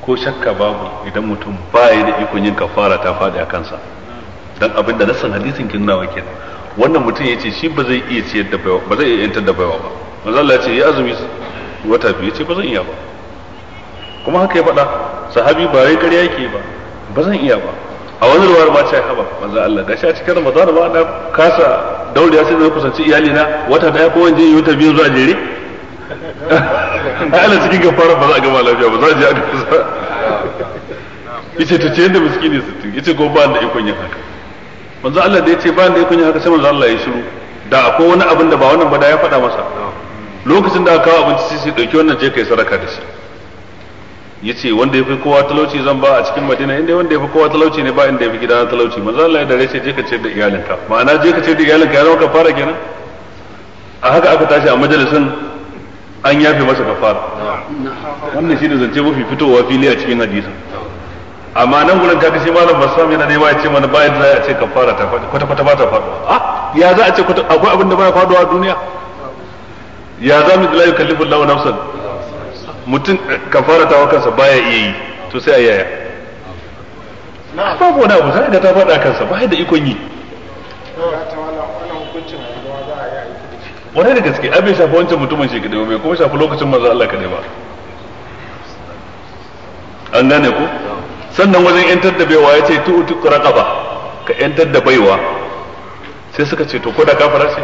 ko shakka babu idan mutum ba ya da ikon yin kafara ta faɗi a kansa dan abin da nassan hadisin kin nawa kenan wannan mutum yace shi ba zai iya ciyar da baiwa ba zai iya yantar da baiwa ba manzo Allah yace ya azumi wata biyu yace ba zan iya ba kuma haka ya faɗa sahabi ba wai ƙarya yake ba ba zan iya ba a wani ruwar ma ce haba manzo Allah gashi a cikin Ramadan ba na kasa daurewa sai zai kusanci iyali na wata daya ko wanje yi wata biyu zuwa jere Allah cikin gafara ba za a gama lafiya ba za a je a yace ta ce yadda miskini sittin yace ko ba da ikon yin haka manzo Allah da yace ba da ya kunya haka sai manzo Allah ya shiru da akwai wani abin da ba wannan ba da ya faɗa masa lokacin da aka kawo abinci sai sai dauki wannan je kai sadaka da shi yace wanda yafi kowa talauci zan ba a cikin Madina inda wanda yafi kowa talauci ne ba inda yafi gidana talauci manzo Allah ya dare sai je ka ce da iyalinka ma'ana je ka ce da iyalinka ya zama ka fara kenan a haka aka tashi a majalisin an yafe masa kafara wannan shi da zance mafi fitowa fili a cikin hadisin amma nan gurin ka shi malam basam yana nema ya ce mana bayan za a ce kafara ta faɗi kwata kwata ba ta faɗuwa ah ya za a ce akwai abin da baya faɗuwa a duniya ya za mu la yukallifu wa nafsan mutum eh, kafara ta kansa baya iya yi to sai a yaya babu wani abu sai ga ta faɗa kansa baya da ikon yi wani da gaske abin shafi wancan mutumin shi kadai bai kuma shafi lokacin manzo Allah kadai ba an gane ko sannan wajen yantar da baiwa ya ce tu'tu raqaba ka yantar da baiwa sai suka ce to ko da kafara ce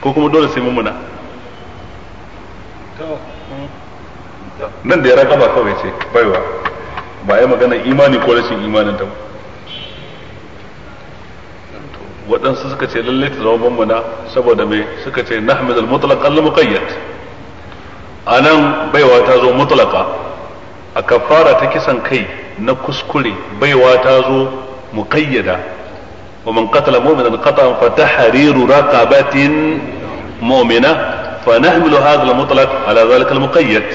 ko kuma dole sai mummuna nan da ya raqaba kawai ce baiwa ba ai magana imani ko rashin imanin ta waɗansu suka ce lalle ta zama mummuna saboda me suka ce nahmidul mutlaq al muqayyad anan baiwa ta zo mutlaqa a kafara ta kisan kai na kuskure baiwa ta zo muqayyada wa man qatala mu'minan qatan fa tahriru raqabatin mu'mina fa nahmilu hadha al-mutlaq ala al-muqayyad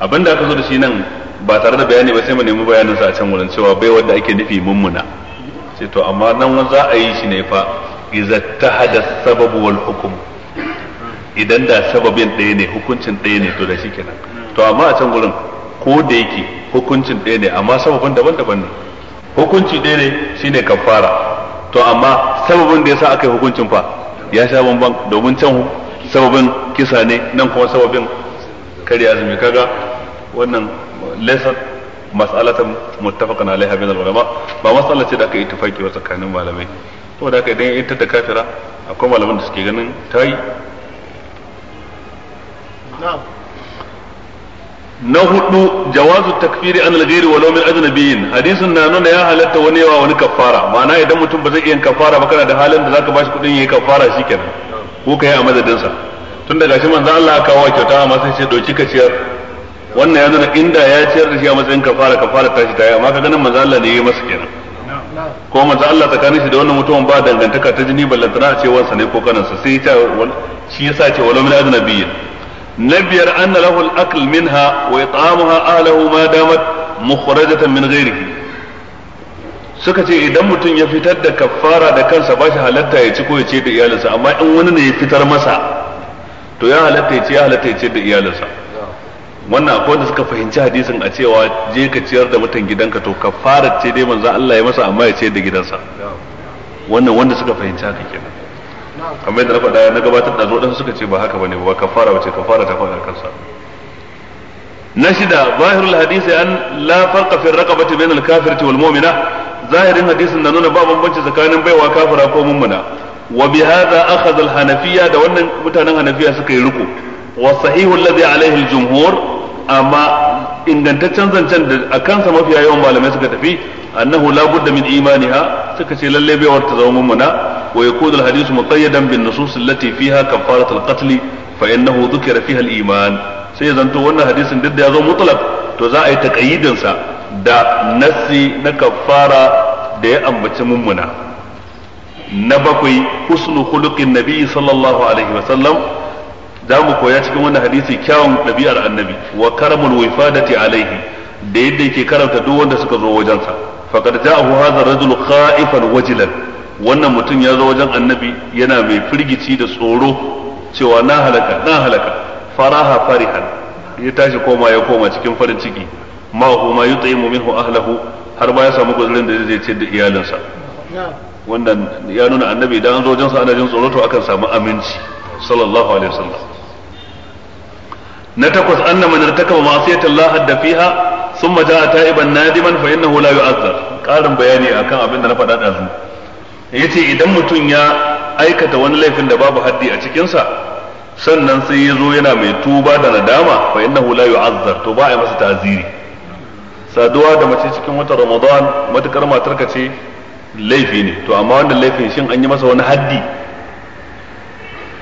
abinda aka zo da shi nan ba tare da bayani ba sai mu nemi bayanin sa a can wurin cewa baiwar da ake nufi mummuna sai to amma nan za a yi shi ne fa idza tahada sababu wal hukm idan da sababin ɗaya ne hukuncin ɗaya ne to da shi kenan to amma a can gurin ko da yake hukuncin ɗaya ne amma sababin daban-daban ne hukunci ɗaya ne shine kafara to amma sababin da yasa aka yi hukuncin fa ya sha bamban domin can sababin kisa ne nan kuma sababin kare azumi kaga wannan lesson mas'alatan muttafaqan alaiha min ulama ba mas'ala ce da aka tafaki wa tsakanin malamai to da aka idan ita da kafira akwai malaman da suke ganin tayi na'am na hudu jawazu takfiri an alghairi ghairi walau min ajnabiyin hadisin na nuna ya halatta wani yawa wani kafara ma'ana idan mutum ba zai iya kafara ba kana da halin da zaka bashi kudin yayi kafara shikenan ko kai a madadin sa tun daga shi manzo Allah ya kawo kyauta amma sai ce doki ka ciyar wannan ya nuna inda ya ciyar da shi a matsayin kafara kafara tashi ta yi amma ka ganin manzo Allah ne yayi masa kenan ko manzo Allah tsakanin shi da wannan mutumin ba dangantaka ta jini ballantana a ce wansa ne ko kanansa sai ya ce shi yasa ce walau min ajnabiyin na biyar anna lahu al-akl minha wa it'amuha ahlihi ma damat mukhrajatan min suka ce idan mutum ya fitar da kaffara da kansa ba shi halatta ya ci ko ya ce da iyalinsa amma in wani ne ya fitar masa to ya halatta ya ce ya halatta ya ce da iyalinsa wannan akwai wanda suka fahimci hadisin a cewa je ka ciyar da mutum gidanka to kafarar ce dai manzo Allah ya masa amma ya ce da gidansa wannan wanda suka fahimci haka kenan kamar yadda na faɗa na gabatar da zuwa suka ce ba haka bane ba kafara wace kafara ta faɗa kansa na shida zahirul hadisi an la farqa fi raqabati bain al kafirati wal mu'mina zahirin hadisin na nuna ba bambanci tsakanin baiwa kafira ko mummuna wa bi hadha akhadha al hanafiya da wannan mutanen hanafiya suka yi ruku wa sahihu alladhi alayhi al jumhur amma ingantaccen zancen da a kansa mafiya yawan malamai suka tafi annahu la budda min imaniha suka ce lalle baiwar ta zama mummuna wa yakunu alhadithu muqayyadan bin nusus allati fiha kafarat alqatl fa innahu dhukira fiha aliman sai zanto wannan hadisin duk da ya zo mutlaq to za a yi taqayyidin sa da nassi na kafara da ya ambaci mummuna na bakwai husnu khuluqin nabi sallallahu alaihi wa sallam za mu koya cikin wannan hadisi kyawun ɗabi'ar annabi wa karamul wifadati alaihi da yadda yake karanta duk wanda suka zo wajensa Faƙar ja'ahu hadha ar-rajulu khaifan wajilan wannan mutum ya zo wajen annabi yana mai firgici da tsoro cewa na halaka na halaka faraha farihan ya tashi koma ya koma cikin farin ciki ma hu ma yut'imu minhu ahlahu har ba ya samu guzurin da zai ciyar da iyalinsa wannan ya nuna annabi idan an zo wajen sa ana jin tsoro to akan samu aminci sallallahu alaihi wasallam na takwas anna man irtakaba ma'siyatan la hadda fiha summa ja'a ta'iban nadiman fa innahu la yu'azzar karin bayani akan abinda da na faɗa su yace idan mutum ya aikata wani laifin da babu haddi a cikinsa sannan sai ya zo yana mai tuba da nadama fa innahu la yu'azzar to ba a yi masa ta'ziri saduwa da mace cikin watan Ramadan matukar matarka ce laifi ne to amma wannan laifin shin an yi masa wani haddi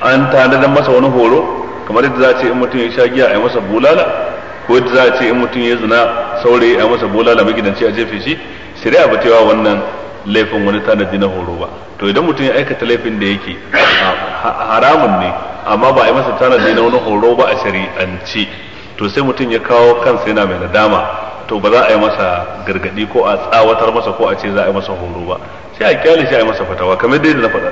an tanadar masa wani horo kamar yadda za a ce in mutum ya sha giya a yi masa bulala ko yadda za a ce in mutum ya zina saurayi a masa bola da magidanci a jefe shi shari'a ba ta wannan laifin wani tanadi na horo ba to idan mutum ya aikata laifin da yake haramun ne amma ba a yi masa tanadi na wani horo ba a shari'ance to sai mutum ya kawo kansa yana mai nadama to ba za a yi masa gargadi ko a tsawatar masa ko a ce za a yi masa horo ba sai a kyale shi a yi masa fatawa kamar dai da na faɗa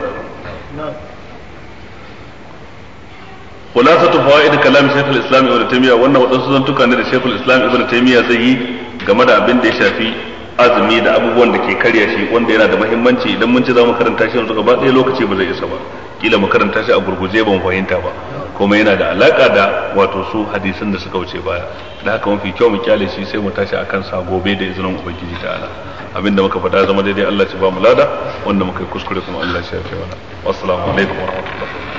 khulasatu fawaid kalam shaykh al-islam ibn taymiya wannan wadansu zantuka ne da shaykh al-islam ibn zai yi game da abin da ya shafi azumi da abubuwan da ke karya shi wanda yana da mahimmanci idan mun ci za mu karanta shi yanzu gaba ɗaya lokaci ba zai isa ba kila mu karanta shi a gurguje ban fahimta ba kuma yana da alaka da wato su hadisin da suka wuce baya da haka mafi kyau mu kyale shi sai mu tashi akan sa gobe da izinin ubangiji ta'ala abinda muka fada zama daidai Allah shi ba mu lada wanda muka yi kuskure kuma Allah shi ya fi mana assalamu alaikum warahmatullahi